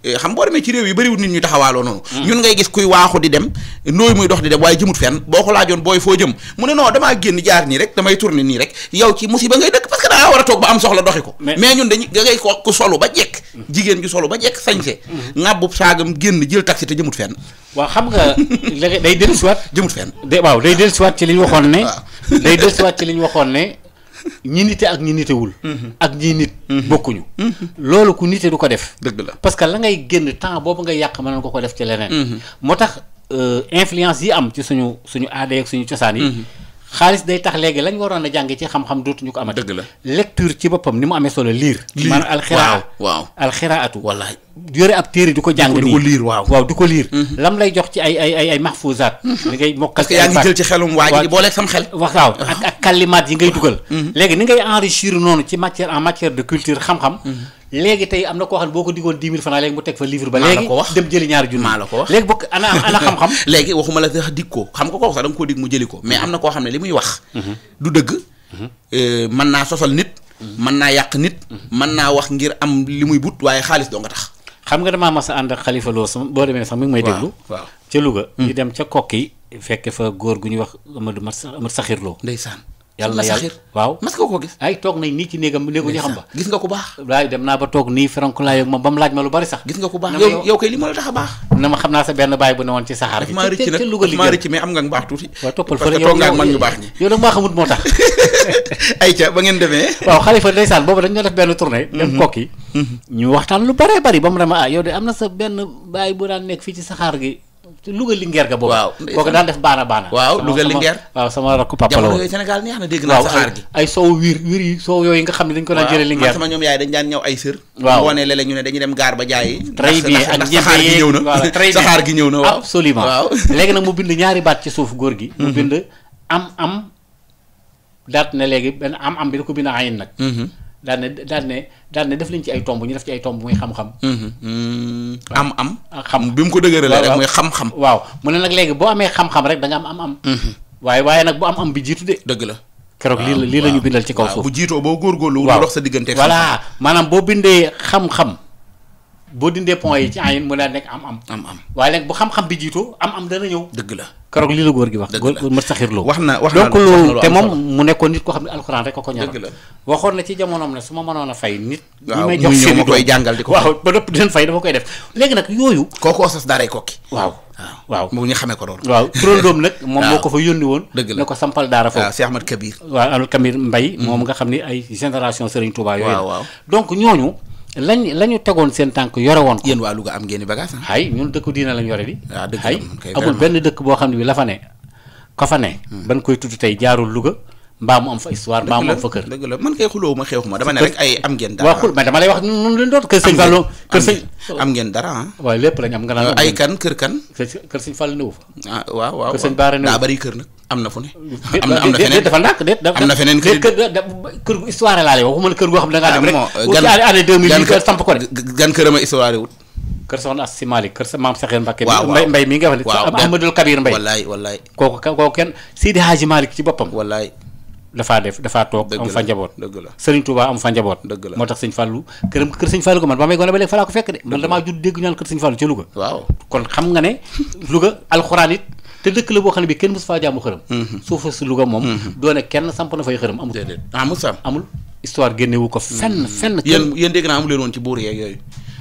eh, boo demee ci réew yi bariwul nit ñuy taxawaaloo noonu mhm. ñun ngay gis kuy waaxu di dem nooy muy dox di dem waaye jëmut fenn boo ko laajoon booy foo jëm a toog ba am soxla doxi ko mais mhm. waaw xam nga day dellu siwaat ci li waxoon ne day desiwaat ci li ñu waxoon ne ñi nite ak ñi nitewul mhm. ak ñi nit mhm. bokkuñu mhm. loolu ku nite du ko def dëgg la parce que la ngay génn temps boobu nga yàq mënoon ko ko def ci leneen moo tax euh, influence yi am ci suñu suñu aada ak suñu cosaan yi xaalis day tax léegi lañ waroon a jàng ci xam-xam dootuñu ko amati. dëgg la lecture ci boppam ni mu amee solo liir. liir maanaam alxiraa waaw alxiraatu. wallaay yore ab téere di ko jàng nii liir waaw. waaw di ko liir. Mhm. lam lay jox ci ay ay ay ay maxfuusaat. Mhm. li ngay mokkal parce yaa ngi jël ci xelum waa ji booleeg sam xel. waaw ak ak kalimaat yi ngay dugal. Mhm. léegi ni ngay enrichir noonu ci matière en matière de culture xam-xam. léegi tey am na koo xam ne boo ko digoon dix mille francs léegi mu teg fa livre ba wax dem jëli ñaari junni maa la ko wax léegi bokk ana xam-xam léegi waxuma la sax dig ko xam nga kooku koo dig mu jëli ko mais am na koo xam ne li muy mhm. du dëgg mhm. euh, mën naa sosal nit mhm. mën naa yàq nit mën naa wax ngir am li muy but waaye xaalis doo nga tax xam nga damaa mas a ànd ak xalifa loo sama boo demee sax mi ngi may déglu waaw ca Louga hmm. ñu dem ca kokki fekke fa góor gu ñuy wax Amadou Mat Saxir Lo ndeysaan yàlla yàlla waaw mas ko gis ay toog nañ nii ci néegam néegu ñu xam ba gis nga ko baax waaye dem naa ba toog nii feronkulaay yow kay li ma la tax a baax na ma xam naa sa benn baay bu daan nekk fii ci saxaar gi Louga Linguère ga boobu. waaw kooku daan def baana baana. waaw Louga Linguère waaw sama rakku papa la woon jamono yooyu Sénégal neex na dégg naa saxaar gi ay soow wiir wiir yi soow yooyu nga xam ne dañ ko daan jëlee Linguère sama ñoom yaay dañ daan ñëw ay sër waaw boo ne léeg-léeg ñu ne dañuy dem gaar ba jaayi très bien ak saxaar gi ñëw na très bien saxaar gi ñëw na waaw absolument waaw léegi nag mu bind ñaari baat ci suuf góor gi mu mhm. bind am am daat ne léegi benn am am bi da ko bind ayin nag mhm. daan ne daan daane def lañ ci ay tomb ñu def ci ay tomb muy xam-xam. am am. xam bi mu ko dëgëralee rek muy xam-xam. waaw mu ne nag léegi boo amee xam-xam rek da nga am am am. Mm-hmm. waaye waaye nag bu am am bi jiitu de. dëgg la. keroog lii la lii la ñu bindal ci kaw suuf. bu jiitoo boo góorgóorlu. waaw dox sa diggante. voilà maanaam boo bindee xam-xam. boo dindee point yi ci ayin mu daal nekk am am am am waaye bu xam-xam bi jiitoo am am dana ñëw dëgg la keroog lii la góor gi wax góor ma wax na wax na donc loolu te moom koo xam ne alxuraan ko ko ñor dëgg la waxoon na ci jamonoom ne ma mënoon a fay nit ñi ba dëpp dinañ fay dafa koy def léegi nag yooyu kooku osas daaray kokki waaw waaw moom ñu ko noonu waaw turandoom nag moom moo ko fa yónni woon dëgg ko sampal daara foofu Cheikh Ahmad Kabir waaw Ahmad Kabir Mbaye mm-hmm. moom nga xam ne ay génération Serigne Touba yooyu ñooñu lañ la ñu tegoon seen tànk yore woon ko. yéen waa Louga am ngeen i ah? ay ñun dëkku diina lañ yore di. waaw ah, dëgg amul benn dëkk boo xam ne bi la fa ne ka fa ne. Hmm. ban koy tudd tey jaarul Louga. mbaa mu am fa histoire mbaa mu am fa kër. man kay xulóowu ma xeexu ma dama ne rek ay am ngeen dara am ngeen dara ah am nga naan ay kan kër kan kër sëñ Fallou néwu fa ah waaw waaw kër sëñ Baara néwu daa bari kër am na fu ne am na am na feneen dafa na feneen kër kër gu histoire laa lay wax waxuma kër goo xam ne da ngaa dem ah, rek ci année 2000 samp ko de gan këram a histoire wut kër soxna as si Malick kër sa maam Saxeen Mbacké mbay mbay mi nga wax ne Ahmadul Kabir Mbay wallaay wallaay kooku kooku kenn Seydi Hadji Malick ci boppam wallaay dafaa def dafaa toog am fa njaboot la sëriñ Touba am fa njaboot dëgg la moo tax sëñ Fallou këram kër sëñ Fallou ko man ba may gone ba léegi fa ko fekk de man damaa judd dégg ñaan kër sëñ Fallou ca Louga kon xam nga ne Louga alxuraan it te dëkk la boo xam ne bi kenn mosu faa jaamu xërëm mm-hmm. suufa si Louga moom mm-hmm. doone kenn samp na fay xërëm amul amul ah, sam amul histoire génnewu ko fenn fenn yéen yéen dégg naa amu leen woon ci buur yeeg yooyu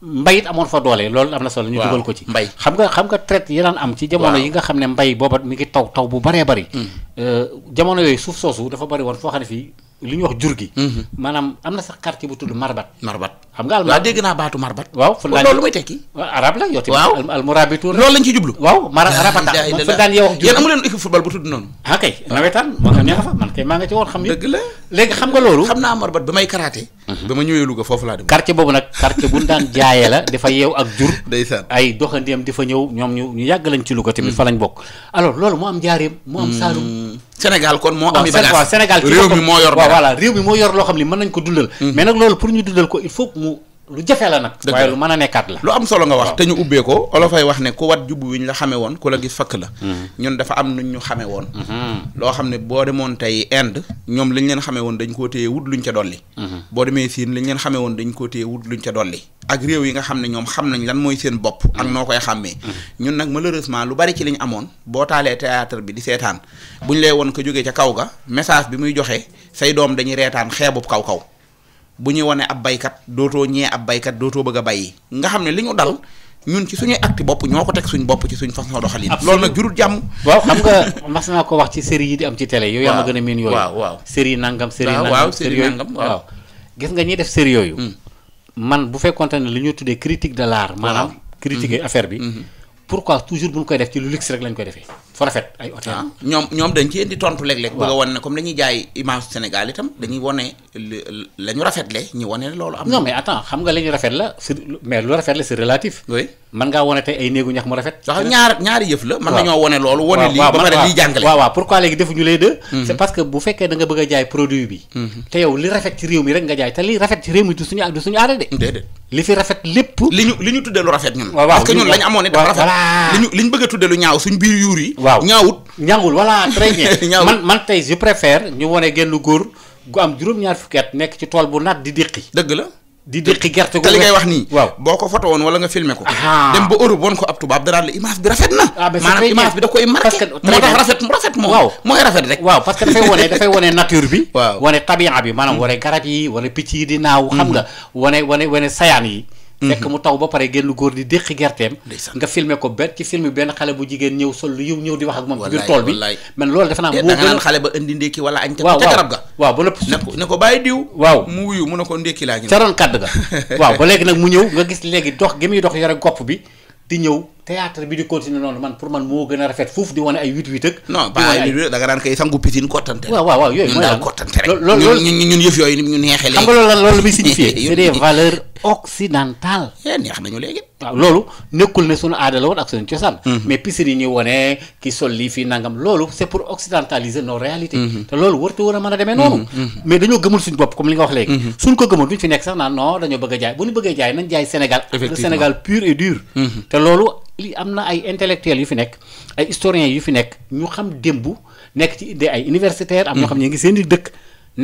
mbayit amoon fa doole loolu am na sol ñu dugal ko ci mbay xam nga xam nga traite yi am ci jamono yi nga xam ne mbay booba mi ngi taw taw bu baree bari mm. euh, jamono yooyu suuf soosu dafa bari woon foo xam ne fii li ñuy wax jur gi. Mhm. maanaam am na sax quartier bu tudd Marbat. Marbat xam nga alma. waaw dégg naa baatu Marbat. waaw fu loolu lu tekki. waaw arab la yow. waaw almurabitu loolu lañ ci jublu. waaw mara rabata fu ne ba may karaté. Mhm. ba ma ñëwee Louga foofu laa dem. quartier boobu nag quartier daan dafa yeew ak jur. ndeysaan ay doxandéem di fa ñëw ñoom ñu ñu yàgg lañ ci Louga mhm. fa lañ bokk alors loolu moo am jaareem moo am saalum Sénégal kon moo ami bagage waaw Sénégal réew mi moo yor voilà réew mi moo yor loo xam ne mën nañ ko dundal mhm. mais nag loolu pour ñu dundal ko il faut mu lu jafe la nag. waaye lu mën a nekkaat la. lu am solo nga wax te ñu ubbee ko olofay wax ne ku wat jubbu wi ñu la xamee woon ku la gis fakk la. Mhm. ñun dafa am nuñ ñu xamee woon. Mhm. loo xam ne boo demoon tey Inde ñoom liñ leen xamee woon dañ koo téye wut luñ ca dolli. Mhm. boo demee Siin liñ leen xamee woon dañ koo téye wut luñ ca dolli. ak réew yi nga xam ne ñoom xam nañ lan mooy seen bopp. ak noo koy xàmmee. ñun nag malheureusement lu bari ci liñ amoon boo taalee théâtre bi di seetaan bu buñ lay woon ko jógee ca kaw ga message bi muy joxe say doom dañuy reetaan xeebub kaw kaw bu ñuy wane ab baykat dootoo ñee ab baykat dootoo bëgg a bàyyi nga xam ne li ñu dal ñun ci suñuy acte bopp ñoo ko teg suñu bopp ci suñ façon doxalin. loolu nag jurul jàmm. waaw xam nga mas naa ko wax ci série yi di am ci télé. yooyu yaa ma gën a miin yooyu waaw waaw série nangam. série waaw série nangam waaw. gis nga ñiy def série yooyu. Hmm. man bu fekkonte ne li ñu tuddee critique de l'art. maanaam critiquer hmm. affaire bi. Hmm. pourquoi toujours bu ñu koy def ci lu luxe rek lañ koy defee. fa rafet ay hôtel ah. ñoom ñoom dañ ci indi tontu léeg-léeg bëgg a wan comme dañuy jaay image Sénégal itam dañuy wane la rafet la a ñu li a tudde lu ñaaw suñ biir yuur yi waaw ñaawut ñaawul voilà très bien man man tey je préfère ñu wane genn góor gu am juróom-ñaar fukki at nekk ci tool bu naat di déqi dëgg la di déqi gerte gu te li ngay wax nii waaw boo ko foto woon wala nga filme ko dem ba Europe woon ko ab tubaab daraat la image bi rafet na ah, maanaam image bi da koy marqué moo tax rafet rafet moom waaw rafet rek waaw parce que dafay wane dafay nature bi waaw wane tabia bi maanaam wane garab yi wane picc yi di naaw xam mhm. nga wane wane wane sayaan yi Mm-hmm. fekk mu taw ba pare génn góor di déqi gerteem nga filmer ko bet ci film bi benn xale bu jigéen ñëw sol lu ñëw di wax ak moom ci biir tool bi man loolu defe naa eh, moo gën xale ba indi ndékki wala añ ca garab ga waaw ba lépp ne ko bàyyi diw waaw mu wuyu mu ne ko ndékki laa ngi ca ron kàdd ga waaw ba léegi nag mu ñëw nga gis léegi dox gi muy dox yore gopp bi di ñëw théâtre bi di continuer noonu man pour man moo gën a rafet foofu di wane ay huit huit non pas ay huit daan kay sangu piscine kottante. waaw waaw waaw yooyu mooy daal loolu nekkul ne suñu aada woon ak suñu cosaan. Mm-hmm. mais piscine yi ñuy wane ki sol fii nangam loolu c'est pour occidentaliser nos réalités. Mm-hmm. te loolu warut a a mën a demee noonu. Mm-hmm. mais dañoo gëmul suñu bopp comme li nga wax léegi. suñ ko gëmul duñ fi nekk sax naan non dañoo bëggee jaay li am na ay intellectuels yu fi nekk ay historiens yu fi nekk ñu xam démb nekk ci idée ay universitaires. am ñoo xam ne ñu ngi seen di dëkk.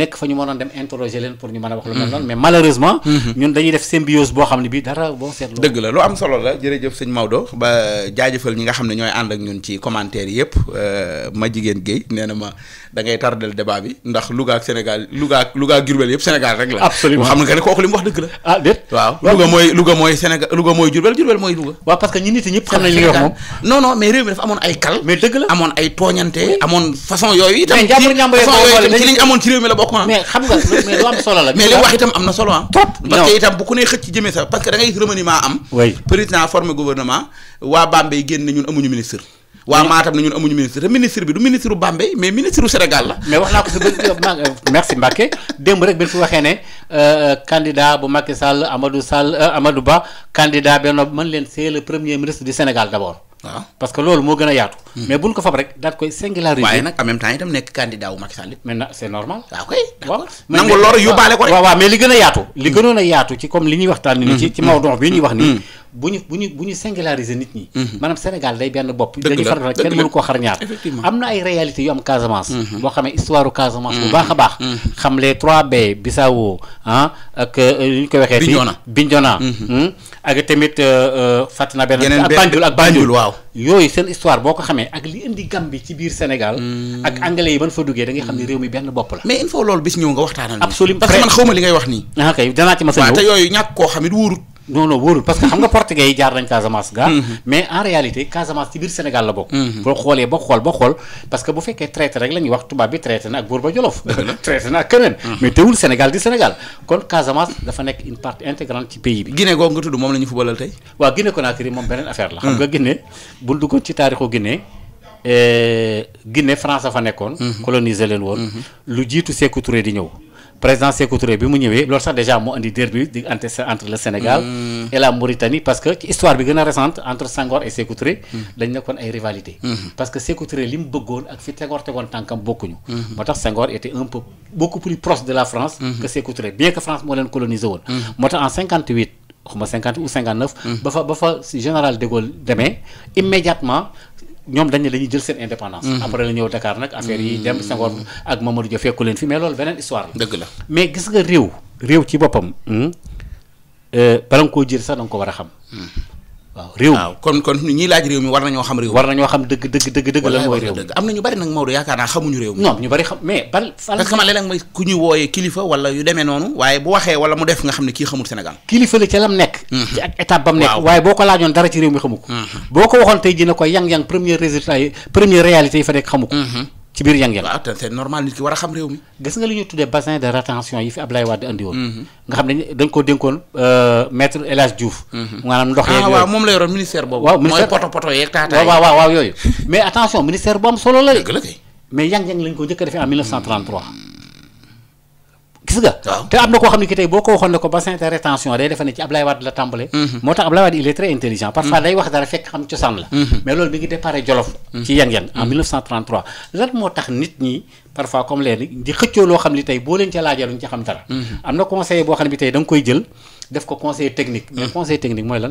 nekk fa ñu mënoon dem interroger leen pour ñu mën a wax lu mel mhm. noonu mais malheureusement mhm. ñun dañuy def symbiose boo xam ne bii dara boo seetloo dëgg la lu am solo la jërëjëf sëñ Maodo ba jaajëfal ñi nga xam ne ñooy ànd ak ñun ci commentaire yëpp euh, ma jigéen Guèye nee na ma dangay ngay tardel débat bi ndax Louga ak Sénégal Louga ak Louga ak Jurbel yëpp Sénégal rek la. xam nga ne kooku li mu wax dëgg la. ah déet waaw Louga mooy Louga mooy Sénégal Louga mooy Jurbel Jurbel mooy Louga. waaw parce que ñi nit ñëpp xam nañ li nga wax moom. non non mais amoon ay kal. mais dëgg la amoon ay tooñante amoon façon yooyu. itam ci façon yooyu réew mi la bokk ah. mais lu am wax itam am na solo ah. trop parce que itam bu ku ne xëcc jëmee sa parce que da ngay remaniement am. président formé gouvernement waa Bambey génn ñun amuñu ministre waa Matam ne ñun amuñu ministre te ministre bi du ministre bu Bambey mais ministre Sénégal la. mais wax naa ko si ba merci Mbacke démb rek bi ñu fi waxee ne euh, euh, candidat bu Macky Sall Amadou Sall euh, Amadou Ba candidat benn mën leen c'est le premier ministre du Sénégal d' parce que loolu moo gën a yaatu. Hmm. mais buñ ko fab rek daat koy singulariser. waaye nag en même temps itam nekk candidat wu Macky Sall it. maintenant c' est normal. Ah, waaw kay d' accord nangu lor ko rek. waaw hmm. yaatu. ci comme li ñuy waxtaan. ni hmm. ci ci Maodo bi bu ñu bu ñu bu ñu singulariser nit ñi. Mhm. maanaam Sénégal day benn bopp. dëgg la dañuy faral rek kenn mënu koo xar ñaar. am na ay réalités yu am Casamance. Mhm. boo xamee histoire Casamance. bu mhm. baax a baax. xam les trois baies Bissau ah ak euh, euh, nu ñu koy waxee. Bignona Bignona. Hmm? ak tamit euh, fàttali naa benn. yeneen ak Banjul ak Banjul waaw. yooyu seen histoire boo ko xamee ak li indi Gambie ci biir Sénégal. Hmm. ak anglais yi ban fa duggee da ngay xam ne hmm. réew mi benn bopp la. mais il faut loolu bis ñëw nga waxtaanal. absolument parce que man xaw ma li ngay wax nii. ah kay danaa ci mas a ñëw waaw te yooyu ñàkk koo xam it wóorut non non parce que xam nga portugais yi jaar nañ Casamance gaa mhm. mais en réalité Casamance ci biir Sénégal la bokk mhm. boo xoolee ba xool ba xool parce que bu fekkee traité rek la ñuy wax tubaab bi traité na ak buur ba Jolof traité na ak keneen mhm. mais teewul Sénégal di Sénégal kon Casamance dafa nekk une partie intégrant ci pays bi Guinée googu nga tudd moom la ñu fubalal tey waaw Guinée Conakry moom beneen affaire la xam nga Guinée bu duggoon ci taarixu Guinée eh, Guinée a fa nekkoon coloniser leen woon lu jiitu Sékou Touré di ñëw président Sékou bi mu ñëwee loolu sax déjà moo indi derby di entre le Sénégal mm. et la Mauritanie parce que histoire bi gën a récente entre Senghor et Sékou Touré mm. dañ nekkoon ay rivalité mm. parce que Sékou li mu bëggoon ak fi Senghor tegoon tànkam bokkuñu moo tax Senghor était un peu beaucoup plus proche de la France mm-hmm. que Sékou bien que France moo leen colonisé woon mm-hmm. moo tax en 58 ou ba fa général de demee immédiatement ñoom dañ ne dañuy jël seen indépendance. Mhm. après la ñëw Dakar nag affaire yi mhm. dem Senghor ak Mamadou Dia fekku leen fi mais loolu beneen histoire la. dëgg la mais gis nga réew. réew ci boppam. Hmm, euh, bala koo jël sax da ko war a xam. Mhm. waaw réew mi kon kon ñiy laaj réew mi war nañoo xam réew mi war nañoo xam dëgg dëgg dëgg dëgg lan mooy réew mi am na ñu bari nag Maodo yaakaar naa xamuñu réew mi kilifa wala yu noonu waaye bu waxee wala mu def nga xam ne kii xamul Sénégal kilifa la ca lam nekk ci ak étape bam nekk waaye boo ko laajoon dara ci réew mi xamu ko boo ko waxoon tey ji ne ko yang yang premier résultat yi premier réalité yi fa nekk xamu ci biir yëngal waaw te c'est nit ki war a xam réew mi. gis nga li ñuy tuddee bassin de rétention yi fi Ablaye Wade andi woon. Mhm. nga xam ne dañ koo dénkoon euh, maître El Hadj Diouf. Mhm. maanaam ndox yeeg ah, moom la yoroon ministère boobu. waaw ministère mooy poto poto yeeg taataay waaw waaw waaw yooyu. mais attention ministère bu solo la. dëgg la kay mais yang yang lañ ko njëkk a defee en 1933. gis nga te am na koo xam ne ki tey boo ko waxoon ne ko bassin de rétention day defe ne ci Ablaye Wade la tàmbale mhm. moo tax Ablaye Wade il est très intelligent parfois mhm. day wax dara fekk xam cosaan la mhm. mais loolu mi ngi déparé Jolof ci yang-yang en lan moo tax nit ñi parfois comme léegi di xëccoo loo xam ne tey boo leen ca laajee duñ ca xam dara am na conseiller boo xam ne bi tey da koy jël def ko conseil technique mais conseil technique mooy lan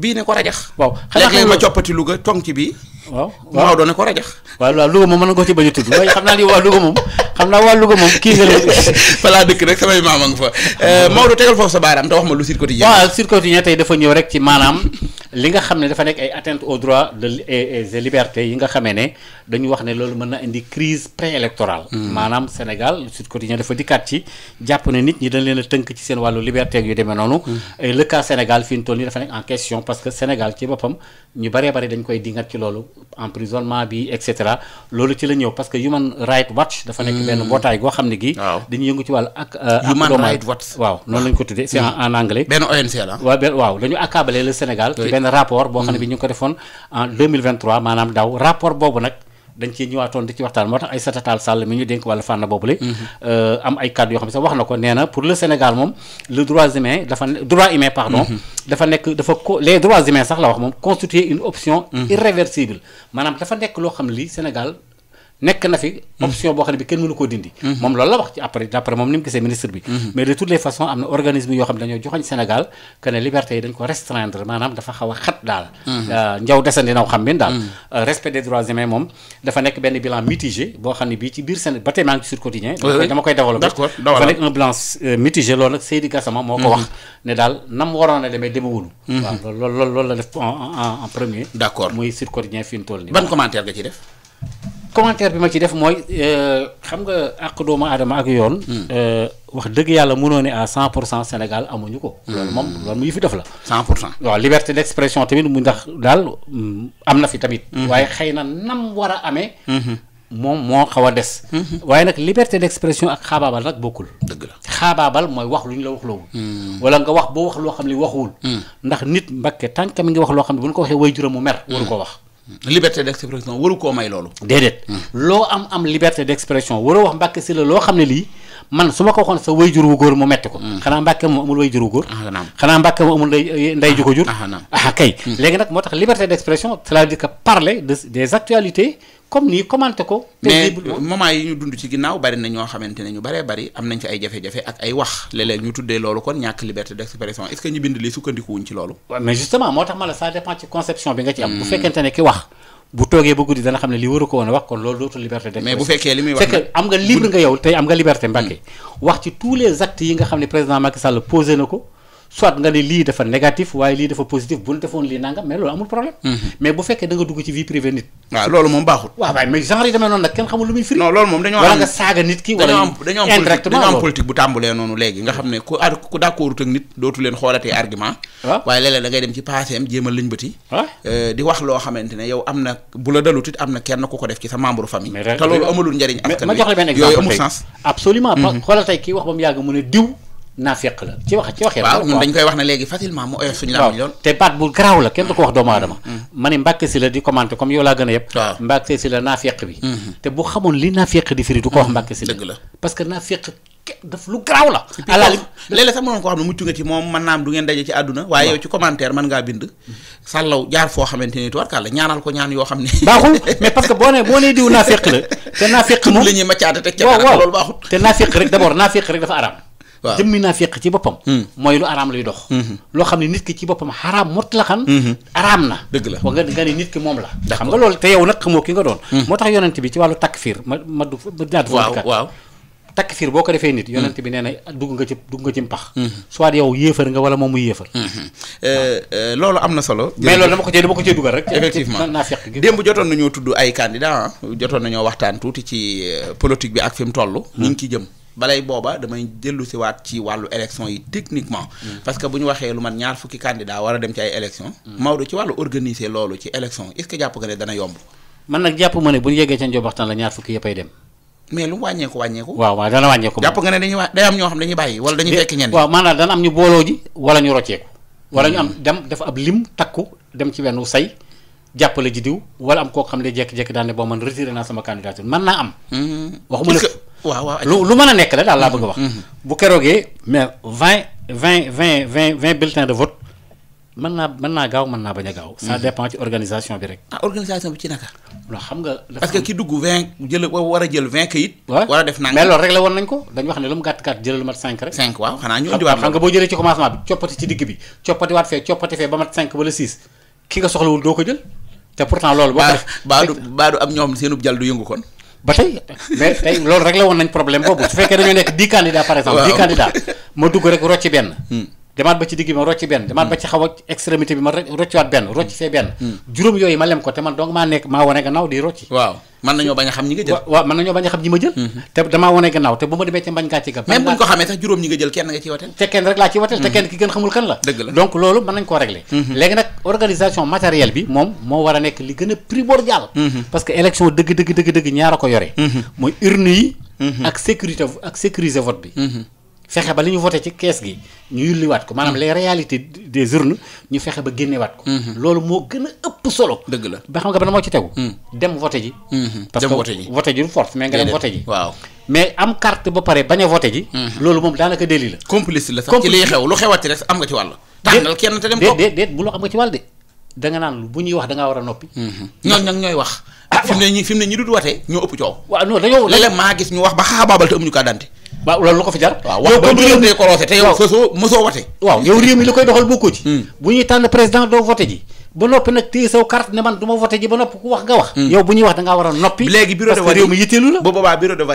bii ne ko rajax waaw xanaa léeg-léeg ma coppati Louga tong ci bii waaw waaw doone ko rajax waaw waaw Louga moom mën na ko ci bañ a tudd waaye xam naa ni waa Louga moom xam naa waa Louga moom kii nga leen falaa dëkk rek samay maam a moo fa euh, Maodo tegal foofu sa baaraam te wax ma lu Sud Quotidien waaw Sud Quotidien tey dafa ñëw rek ci maanaam li nga xam ne dafa nekk ay atteinte au droit de yi nga xamee ne dañu wax ne loolu mën na indi crise préélectorale hmm. maanaam Sénégal Sud Quotidien dafa dikkaat ci jàpp ne nit ñi dañ leen tënk ci seen wàllu liberté ak yu demee noonu hmm. le cas Sénégal fi ñu toll nii dafa nekk en question parce que Sénégal ci boppam ñu baree bari dañ koy dingat ci loolu emprisonnement bi et loolu ci la ñëw parce que Human Rights Watch. dafa nekk benn hmm. mbootaay goo xam ne gii. dañuy yëngu ci wàllu euh, ak. Human Rights Watch waaw noonu lañu ko tuddee c'est en hmm. anglais. benn ONC la waaw dañu accablé le Sénégal. ci benn rapport boo xam ne bi hmm. ñu ko defoon en maanaam daaw rapport boobu nag. dañ ci ñëwaatoon di ci waxtaan moo tax Aïssata Tall Sall mi ñu dénk wàllu fànn boobule euh, am ay kàddu yoo xam ne sax wax na ko nee na pour le Sénégal moom le droit humain dafa droit humain pardon mhm. dafa nekk dafa ko les droits humains sax la wax moom constituer une option mhm. irréversible maanaam dafa nekk loo xam li Sénégal nekk na fi hmm. option boo xam ne bi kenn mënu koo dindi hmm. moom loolu la wax ci après d'après moom ni mu gisee ministre bi hmm. mais de toutes les façons am na organisme yoo xam ne a xat daal euh, njaw desandi naw xam bin daal euh, benn bilan boo xam ne bii ci biir Sénégal ba tey maa ngi sur quotidien dama koy développé dafa nekk euh, waaw loolu loolu la def en premier muy sur quotidien fi mu toll nii ban commentaire nga ci def commentaire bi ma ci def mooy euh, xam nga àq doomu aadama ak yoon. Hmm. Euh, wax dëgg yàlla mënoo ne à 100 pour cent Sénégal amuñu ko. Hmm. loolu moom loolu yu fi def la. 100 pour cent waaw liberté d'expression tamit mu ndax daal mm, am na fi tamit. Hmm. waaye xëy na nam war a amee. moom moo xaw a des. waaye nag liberté d'expression ak xaabaabal nag bokkul. dëgg la xaabaabal mooy wax lu ñu la wax loowul. wala nga wax boo wax loo xam ne waxuwul. ndax nit mbakke tànk mi nga wax loo xam ne bu ñu ko waxee ko wax. liberté d'expression waru koo may loolu. déedéet. loo am am liberté d'expression waroo wax Mbàkke la loo xam ne lii man su ma ko waxoon sa wayjur wu góor mu metti ko. Mm. xanaa Mbàkke mu amul wayjur wu góor. Ah, xanaa Mbàkke mu amul ndey eh, ndey ju ko jur. ah, ah kay mm. léegi nag moo tax liberté d'expression c'est-à-dire que parler de des actualités. comme nii commenté ko. mais moment yi ñu dund ci ginnaaw bari na ñoo xamante ne ñu baree bari am nañ ci ay jafe-jafe ak ay wax léeg ñu tuddee loolu kon ñàkk liberté d'expression est-ce que ñu bind li sukkandiku wuñ ci loolu. waaw mais justement moo tax ma la ça dépend ci conception bi nga ci am. bu hmm. fekkente ne ki wax. bu toogee ba guddi dana xam ne li waru ko woon a wax kon loolu dootul liberté d'expression mais bu fekkee li muy wax fekk am nga libre nga yow am nga liberté hmm. nga xam ne président Macky Sall posé na soit nga ne lii dafa négatif waaye lii dafa positif bu ñu defoon lii nangam mais loolu amul problème. Mhm. mais bu fekkee da dugg ci vie privée nit. waaw loolu moom baaxul. waaye mais genre yi demee noonu nag kenn xamul lu muy firi. noonu léegi nga xam ne ku ar ku d'accord nit dootu leen xoolatee argument. Ah. waaye léeg-léeg dem ci passé am jéem a ah. euh, di wax loo xamante ne yow am na bu la dalut ku ko def ci yooyu amul sens. absolument mhm. xoolal kii wax ba mu naafeq la ci wax ci waxee. waaw ñun dañ koy wax ne léegi facilement mu euh, oyof suñu. la am te baat bu garaaw la kenn du ko wax doomu aadama. Mm-hmm. ma ne Mbàkke si la di commenté a yëpp. waaw Mbàkke si la mm-hmm. ko wax mm-hmm. ne diw naafeq la te naafeq moom li ñuy maccaate teg ca loolu baaxul te naafeq rek d'abord naafeq rek dafa araam waaw jëmmi naa féq ci boppam hmm. mooy lu araam luy dox hmm. loo xam ne nit ki ci boppam xaraam mutlaxan hmm. araam na dëgg la wa nga ne nit ki moom la xam nga loolu te yow nag xamoo ki nga doon moo tax yonent bi ci wàllu takfir ma ma du naat foofu waaw takfir boo ko defee nit yonent bi nee na dugg nga ci dugg nga ci mpax soit yow yéefar nga wala moom muy yéefar eh, eh, loolu am na solo mais loolu dama ko cee dama ko cee dugal rek effectivement naa fekk gi démb jotoon nañoo tudd ay candidat ah. jotoon nañoo waxtaan tuuti ci eh, politique bi ak fi mu toll ñu ngi jëm balay booba damay jëllu si waat ci wàllu élection yi techniquement mm. parce que bu ñu waxee lu man ñaar fukki candidat war a dem ci ay élection mm. Maodo ci wàllu organiser loolu ci élection est-ce que jàpp nga ne dana yomb man nag jàpp ma ne fukki wa day am ñoo xam dañuy bàyyi wala dañuy fekk ñenn waaw maanaam dana am ñu booloo ji wala ñu rocceeku wala ñu am mm. dem def ab lim ji diw wala am koo xam ne jékki-jékki daal ne boo man retiré naa sama candidature man naa waaw waaw lu lu mën a nekk la daal laa bëgg a wax. Mhm, mhm. bu keroogee mais vingt vingt vingt vingt vingt bulletins de vote mën naa mën naa gaaw mën naa bañ a gaaw. ça mhm. dépend ci organisation bi rek. ah organisation bi ci naka. loo xam nga. parce ki dugg vingt jël war a jël vingt kayit. waaw war a def nangam mais loolu rek la woon nañ ko dañ wax ne lu mu gàtt gàtt jëlal lu mat cinq rek. cinq waaw xanaa ñu indiwaat xam nga boo jëlee ci commencement bi coppati ci digg bi coppati waat fee coppati fee ba mat cinq wala six ki nga soxlawul doo ko jël te pourtant loolu. boo ko def ñoom seenub jàll du ba tey loolu rek la woon nañ problème boobu su fekkee dañoo nekk dix candidats par exemple dix candidats ma dugg rek rocci benn hmm. demaat ba ci digg bi ma rocci benn demaat ba ci xaw extrémité bi ma rocciwaat benn rocci fee benn hmm. juróom yooyu ma lem ko te man donc maa nekk maa wane gannaaw di rocci waaw mën nañoo bañ bañ a xam ñi ma jël hmm. te damaa wane gannaaw te bu ma demee ca mbañ nga ci wateel te laa te hmm. kenn ki gën xamul kan la dëgg la donc loolu mën nañ koo régler léegi nag organisation matérielle bi moom moo war a nekk li gën a primordial parce que élection dëgg dëgg dëgg ñaar fexe ba li ñu voté ci kees gi ñu yulliwaat ko maanaam mm. les réalités des urnes ñu fexe ba génnewaat ko. Mm-hmm. loolu moo gën a ëpp solo. dëgg la ba xam nga ban moo ci tegu. Mm. dem voté ji. Mm-hmm. parce que voté ji du force mais nga dem voté ji. waaw mais am ba pare bañ mm-hmm. loolu moom daanaka déli la. complice la sax ci liy xew lu xewati rek am nga ci wàll. kenn te dem toog déet déet bu loo nga de. da naan bu ñuy wax da war a noppi. ñooñu ñooy wax. ah fi mu ne ñi fi ne ñi dul watee ñoo ëpp coow. waaw non dañoo maa gis ñu wax ba xaabaabal te amuñu kaa dante waaw loolu lu ko fi jar. waaw wax ba ñu lay korose te yow sosoo mosoo wate. waaw yow réew mi li koy doxal bokkoo ci. Hmm. bu ñuy tànn président doo voté ji. ba noppi nag téye saw carte ne man du ma ji ba noppi ku wax nga wax. Hmm. yow bu ñuy wax da war a noppi. léegi bureau de vote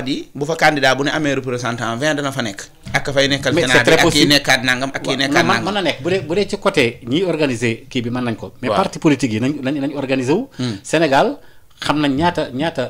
yi bu fa candidat bu ne amee représentant vingt dana fa nekk. ak fay nekkal sénat bi ak kii nekkaat nangam ak kii nekkaat nangam mën na nekk bu dee yi nañ nañ nañ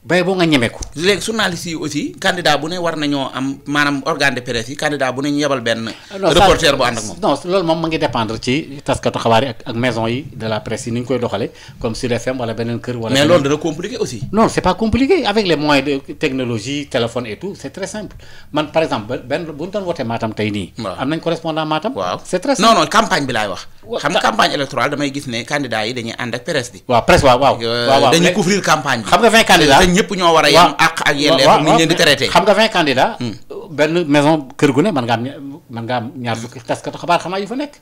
bay boo nga ñeme ko. léegi journaliste yi aussi candidat bu ne war nañoo am maanaam organe de presse yi candidat bu ne ñu yebal benn. Ah reporter bu ànd ak moom non loolu moom ma ngi dépendre ci taskatu xabaar yi ak maison yi de la presse yi ni ñu koy doxalee comme Sud FM wala beneen kër. wala dana compliqué aussi. non c' pas compliqué avec les moyens de technologie téléphone et tout c' très simple man par exemple bu ñu doon wootee Matam tey nii. ñëpp ñoo war a yem àq ak yelleef ñu xam nga vingt candidats hmm. benn maison kër gu ne mën nga am mën nga am ñaar fukki taskatu xabaar xamaa yu fa nekk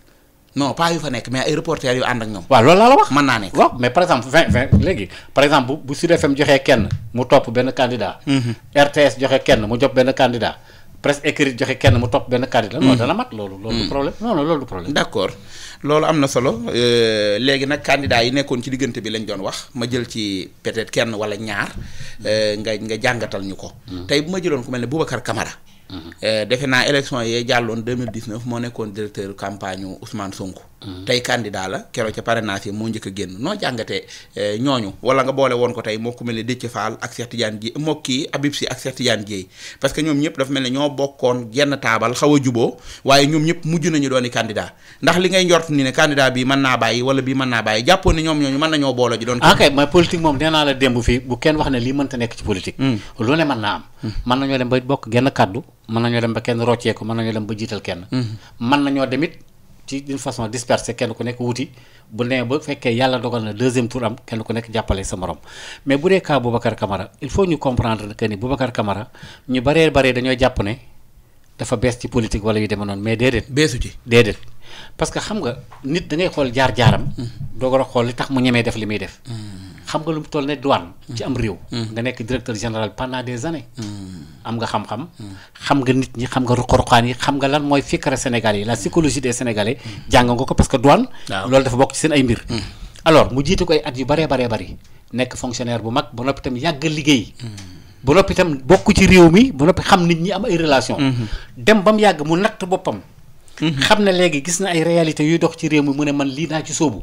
non pas yu fa nekk mais ay reporters yu ànd ak ñoom waaw loolu laa la wax mën naa nekk waaw mais par exemple vingt vingt léegi par exemple bu Sud FM joxee kenn mu topp benn candidat hmm. RTS joxe kenn mu jox benn candidat presse écrite joxe kenn mu topp benn candidat loolu hmm. dana mat loolu loolu du loolu am na solo euh, léegi nag candidat yi nekkoon ci diggante bi lañ doon wax ma jël ci peut-être kenn wala ñaar euh, nga nga jàngatal ñu ko. Mm-hmm. tey bu ma jëloon ku mel ne Boubacar Camara. Mm-hmm. Euh, defe naa élection yee jàlloon 2019 moo nekkoon directeur campagne Ousmane Sonko. Mm-hmm. tey candidat la keroog ca parrainage yi moo njëkk a génn noo jàngatee eh, ñooñu wala nga boole woon ko tey moo ku mel ne Déthié Fall ak Cheikh Tidiane Dièye moo kii Habib ak Cheikh Tidiane Dièye parce que ñoom ñëpp dafa mel na ñoo bokkoon genn a ndax li ngay njort ni ne candidat bi mën naa bàyyi wala bi mën naa bàyyi jàppoon ne ñoom ñooñu mën nañoo boole ji doon ok mooy politique moom nee naa la démb fii bu kenn wax ne lii mënta nekk ci politique mm. lu ne mën naa mm. dem ba bokk genn kàddu mën nañoo dem ba kenn roccee ko mën nañoo dem ba jiital kenn mm. mën nañoo demit ci d'une façon dispersée kenn ku nekk wuti bu nee ba fekkee yàlla dogal na deuxième tour am kenn ku nekk jàppale sa morom mais bu dee cas Boubacar Camara il faut ñu comprendre que ni Boubacar Camara ñu baree baree dañoo jàpp ne dafa bees ci politique wala yu demee noonu mais déedéet. beesu ci déedéet. parce que xam nga nit da xool jaar jaaram. Mm-hmm. doog a xool li tax mu ñemee def li muy def. Mm-hmm. xam nga lu mu toll ne douane. Mm. ci am réew. Mm. nga nekk directeur général pendant des années. Mm. am nga xam-xam. xam nga nit ñi xam nga ruq-ruqaan yi xam nga lan mooy fikra Sénégal yi la psychologie des sénégalais. jàng nga ko parce que douane. loolu dafa bokk ci seen ay mbir. alors mu jiite ko ay at yu baree baree bari nekk fonctionnaire bu mag ba noppi tam yàgg liggéey. ba noppi tam bokk ci réew mi ba noppi xam nit ñi am ay relation mm-hmm. dem ba mu yàgg mu natt boppam. Mm-hmm. xam ne léegi gis na ay réalité yuy dox ci réew mi mu ne man lii naa ci sóobu.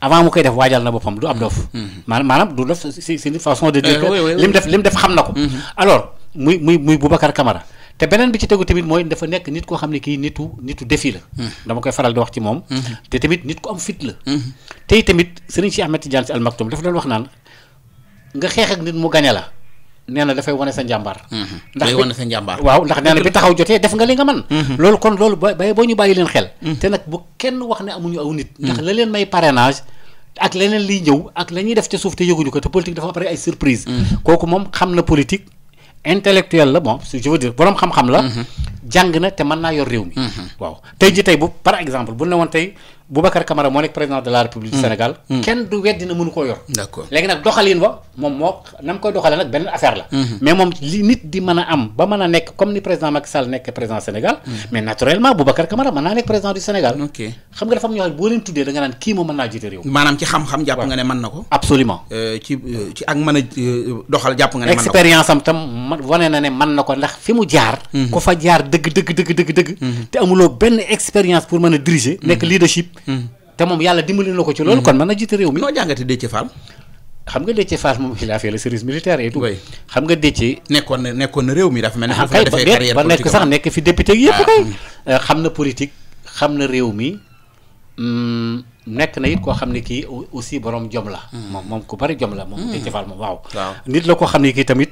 avant mu koy def waajal na boppam du ab dof. Mhm. maanaam du dof si si façon de dire eh, que lim def lim def xam na ko. Mhm. alors muy muy muy Boubacar Camara. te beneen bi ci tegu tamit mooy dafa nekk nit koo xam ne kii nitu nitu défi la. Mhm. dama koy faral di wax ci moom. te tamit nit ku am fit la. tey tamit Serigne Cheikh Ahmed Tidiane Sy Al Maktoum dafa doon wax naan nga xeex ak nit mu gañe la. nee na dafay wane sa njàmbaar. Mhm. ndax day waaw ndax nee bi taxaw jotee def nga li nga mën. Mhm. loolu kon loolu ba bay boo ñu bàyyi leen xel. Mhm. te nag bu kenn wax ne amuñu aw nit. ndax la leen may parrainage. ak leneen liy ñëw ak la ñuy def ca suuf te yëguñu ko te politique dafa bari ay surprise. kooku moom xam na politique. intellectuel la bon je veux dire boroom xam-xam la. jàng na te mën naa yor réew mi. waaw tey ji tey bu par exemple bu ne woon tey Boubacar Camara moo nekk président de la République du mm. Sénégal mm. kenn du weddi na mënu koo yor d'accord léegi nag doxalin wa moom moo na mu koy nag benn affaire la mm-hmm. mais moom li nit di mën a am ba mën a nekk président Macky Sénégal mm. mais naturellement Boubacar Camara mën naa nekk président du Sénégal ok xam nga dafa am ñoo xam boo leen tuddee maanaam ci xam-xam jàpp nga ne mën na ko absolument euh, ci euh, ci ak mën a euh, doxal jàpp nga ne expérience am tam wane na ne mën na ko ndax fi mu jaar mm-hmm. ku fa jaar dëgg dëgg mm-hmm. te moom yàlla dimbali na ko ci loolu mm. kon mën na jiite réew mi. noo jàngate Déthié Fall. xam nga Déthié Fall moom il a fait le service militaire et tout. xam nga Déthié. nekkoon nekkoon na réew mi dafa mel ni. Ah, dafa ba nekk sax nekk fi député yëpp ah, kay. Mm. Euh, xam na politique xam na réew mi mm, nekk na it koo xam ne kii aussi borom jom la. moom moom ku bari jom la. moom Déthié Fall moom waaw. nit la koo xam ne kii tamit.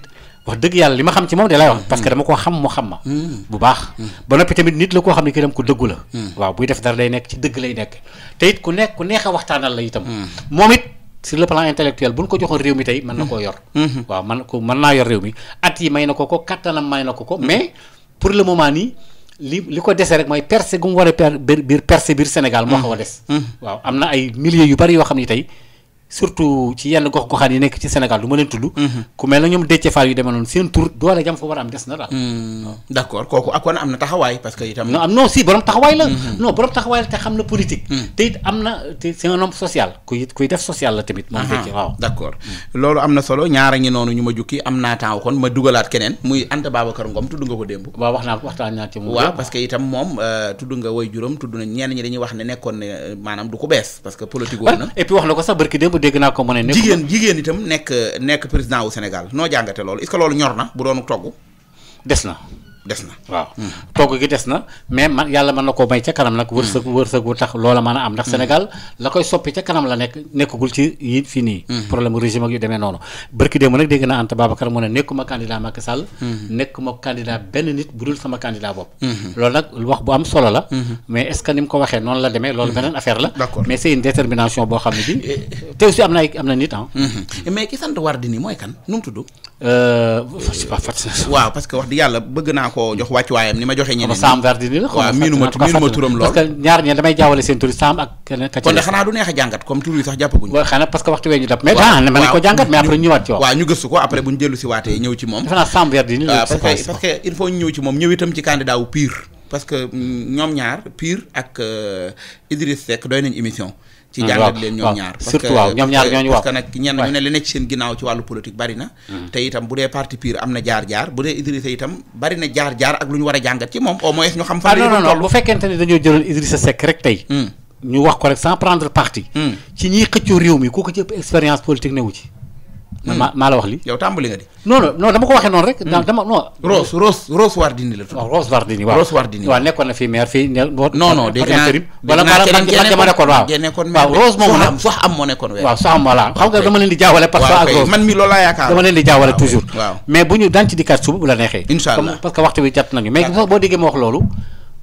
wax dëgg yàlla li ma xam ci moom de lay wax parce que mm. dama koo xam mu xam ma mm. bu baax mm. ba noppi tamit nit la koo xam ne kii tam ku dëggu la waaw buy def dara day nekk ci dëgg lay nekk te it ku nekk ku neex a waxtaanal la itam moom it sur le plan intellectuel bu ñu ko joxoon réew mi tey mën na koo yor mm-hmm. waaw man ko mën naa yor réew mi at yi may na ko ko kattanam may na ko ko mais pour le moment nii li ko dese rek mooy percé gu mu a per biir percé biir Sénégal a surtout ci yenn gox-goxaan yi nekk ci Sénégal du ma leen tudd. Mhm. ku mel ne ñoom Déthié Fall yu demee noonu seen tur doole jam fa war am des na daal. Hmm. d' kooku ak am na taxawaay parce que itam. non am non si borom taxawaay la. Mhm. non na politique. Hmm. te it am na te c' est un homme social kuy kuy def moom d' accord loolu am na solo ñaar a tudd nga way juróom tudd na ñenn ñi dañuy wax ne nekkoon maanaam du ko bees parce que politique ah, na et wax na ko sax barki démb dégg naa ko mu ne. jigéen jigéen itam nekk nekk président wu Sénégal noo jàngate loolu est-ce que loolu ñor na bu doonu togg. des na. des na waaw togg gi des na mais man yàlla mën na koo may ca kanam nag wërsëg mm. wërsëg wu tax loola mën a am ndax mm. Sénégal la koy soppi ca kanam la nekk nekkagul ci yi fii nii mm. problème régime ak yu demee noonu bërki démb nag dégg naa Anta Babacar mu ne nekkuma candidat Macky Sall nekkuma candidat benn nit bu dul sama candidat bopp loolu nag wax bu am solo la mais est ni mu ko waxee noonu la demee loolu beneen affaire la mais c'est une Euh, waaw parce que wax dëgg yàlla bëgg naa koo jox wàccuwaayam ni ma joxe ñeneen Sam Verdini la waaw miinuma miinuma turam lool parce que ñaar ñeen damay jaawale seen tur Sam ak keneen ka kon de xanaa du neex a jàngat comme tur yi sax jàppaguñu xanaa parce que waxtu wee ñu dab mais daa mën nañ ko jàngat mais après ñëwaat ci wax waaw ñu gëstu ko après bu ñu dellu si waatee ñëw ci moom defe naa Sam Verdini la euh, parce que parce que il faut ñu ñëw ci moom ñëw itam ci candidat wu pire parce que mm, ñoom ñaar pire ak euh, Idriss Seck doy nañ émission ci jàngat leen ñoom ñaar surtout waaw ñoom ñaar ñooñu waaw ñu ne li nekk seen ginnaaw ci wàllu politique bari mm-hmm. te itam bu dee parti pur am na jaar-jaar bu dee Idrissa itam bari jaar-jaar ak lu ñu war a jàngat ci moom au moins ñu xam fa ah, non non bu fekkente ne dañoo jëlal Idrissa Seck rek tey mm. ñu wax ko rek sans prendre parti mm. ci ñiy xëccoo réew mi ku ko ci expérience politique newu ci maa maa la wax li yow tàmbali nga dama ko waxee noonu rek. Hmm. dama non. Rose Rose Rose Wardini la tudd. waaw Rose Wardini waaw Rose Wardini. nekkoon ne. non ma nekkoon waaw. waaw Rose moomu nag xam nga dama leen di jaawale. parce que ak Rose man mi loolu laa yaakaar dama parce que waxtu bi jàpp nañu mais boo déggee ma wax loolu.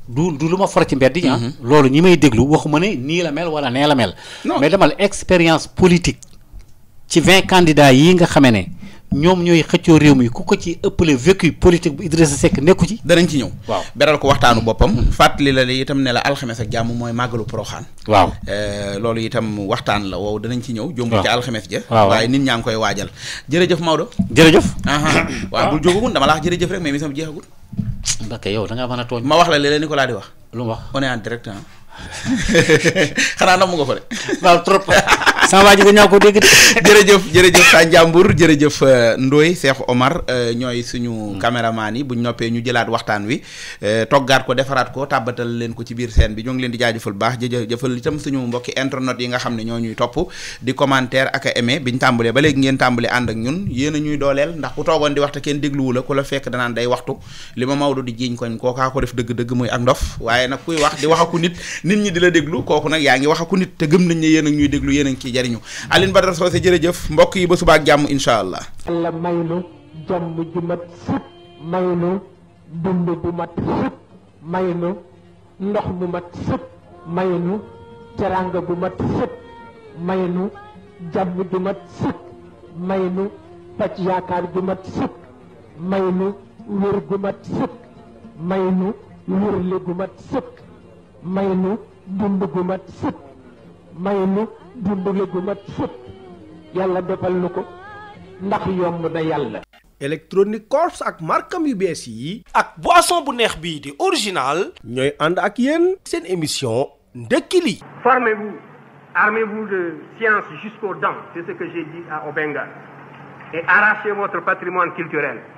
du lu ma for ci mbedd yi. Ah. Mm-hmm. loolu ñi may déglu waxuma ne nii la mel wala nee la mel. mais demal expérience politique ci vingt candidats yi nga xamee ne ñoom ñooy xëccoo réew mi ku ko ci ëppale vécu politique bu Idrissa sekk nekku ci. danañ ci ñëw. waaw beral ko waxtaanu boppam. fàttali la li itam ne la alxames ak jàmm mooy màggalu poroxaan. waaw eh, loolu itam waxtaan la wow danañ ci ñëw. waaw jomb ci alxames waaye nit ñaa ngi koy waajal. jërëjëf Maodo. jërëjëf. waaw bul dama laa wax jëf rek mais mi sama jeexagul. yow da ngaa mën a tooñ. ma wax la léeg ko laa di wax. lu mu wax on est en direct xanaa nam nga ko de. waaw trop. sama waa ji dañoo ko dégg. jërëjëf jërëjëf sa jàmbur jërëjëf euh, Ndoye Cheikh Omar euh, ñooy suñu mm. caméraman yi buñ noppee ñu jëlaat waxtaan wi euh, toggaat ko defaraat ko tàbbatal leen ko ci biir scène bi ñoo ngi leen di jaajëfal baax jëfal itam suñu mbokki internet yi nga xam ne ñoo ñuy topp di commentaire ak a aimé biñ tàmbalee ba léegi ngeen tàmbalee ànd ak ñun yéen a ñuy dooleel ndax ku toogoon di waxta kenn dégluwu la ku la fekk danaan day waxtu li ma Maodo di jiiñ koñ kookaa ko def dëgg-dëgg muy ak ndof waaye wax di aku nit nit ñi di la déglu kooku nag yaa ngi wax aku nit te nañ ne yéen ñuy déglu yéen a jariñu Alioune Badara Socé jërëjëf mbokk yi ba suba jàmm incha allah. yàlla may nu jàmm ju dund bu mat sëpp may nu ndox bu mat sëpp may nu teraanga bu mat sëpp yaakaar ju mat sëpp may gu mat sëpp may nu gu mat sëpp may dund gu mat sëpp may dimbali gu mat sëpp yàlla defal lu ko ndax yomb na yàlla Electronic Corps ak markam yu bees yi ak boisson bu neex bii di original ñooy ànd ak yéen seen émission ndekki li formez-vous armez-vous de science jusqu'aux dents c'est ce que j'ai dit à Obenga et arrachez votre patrimoine culturel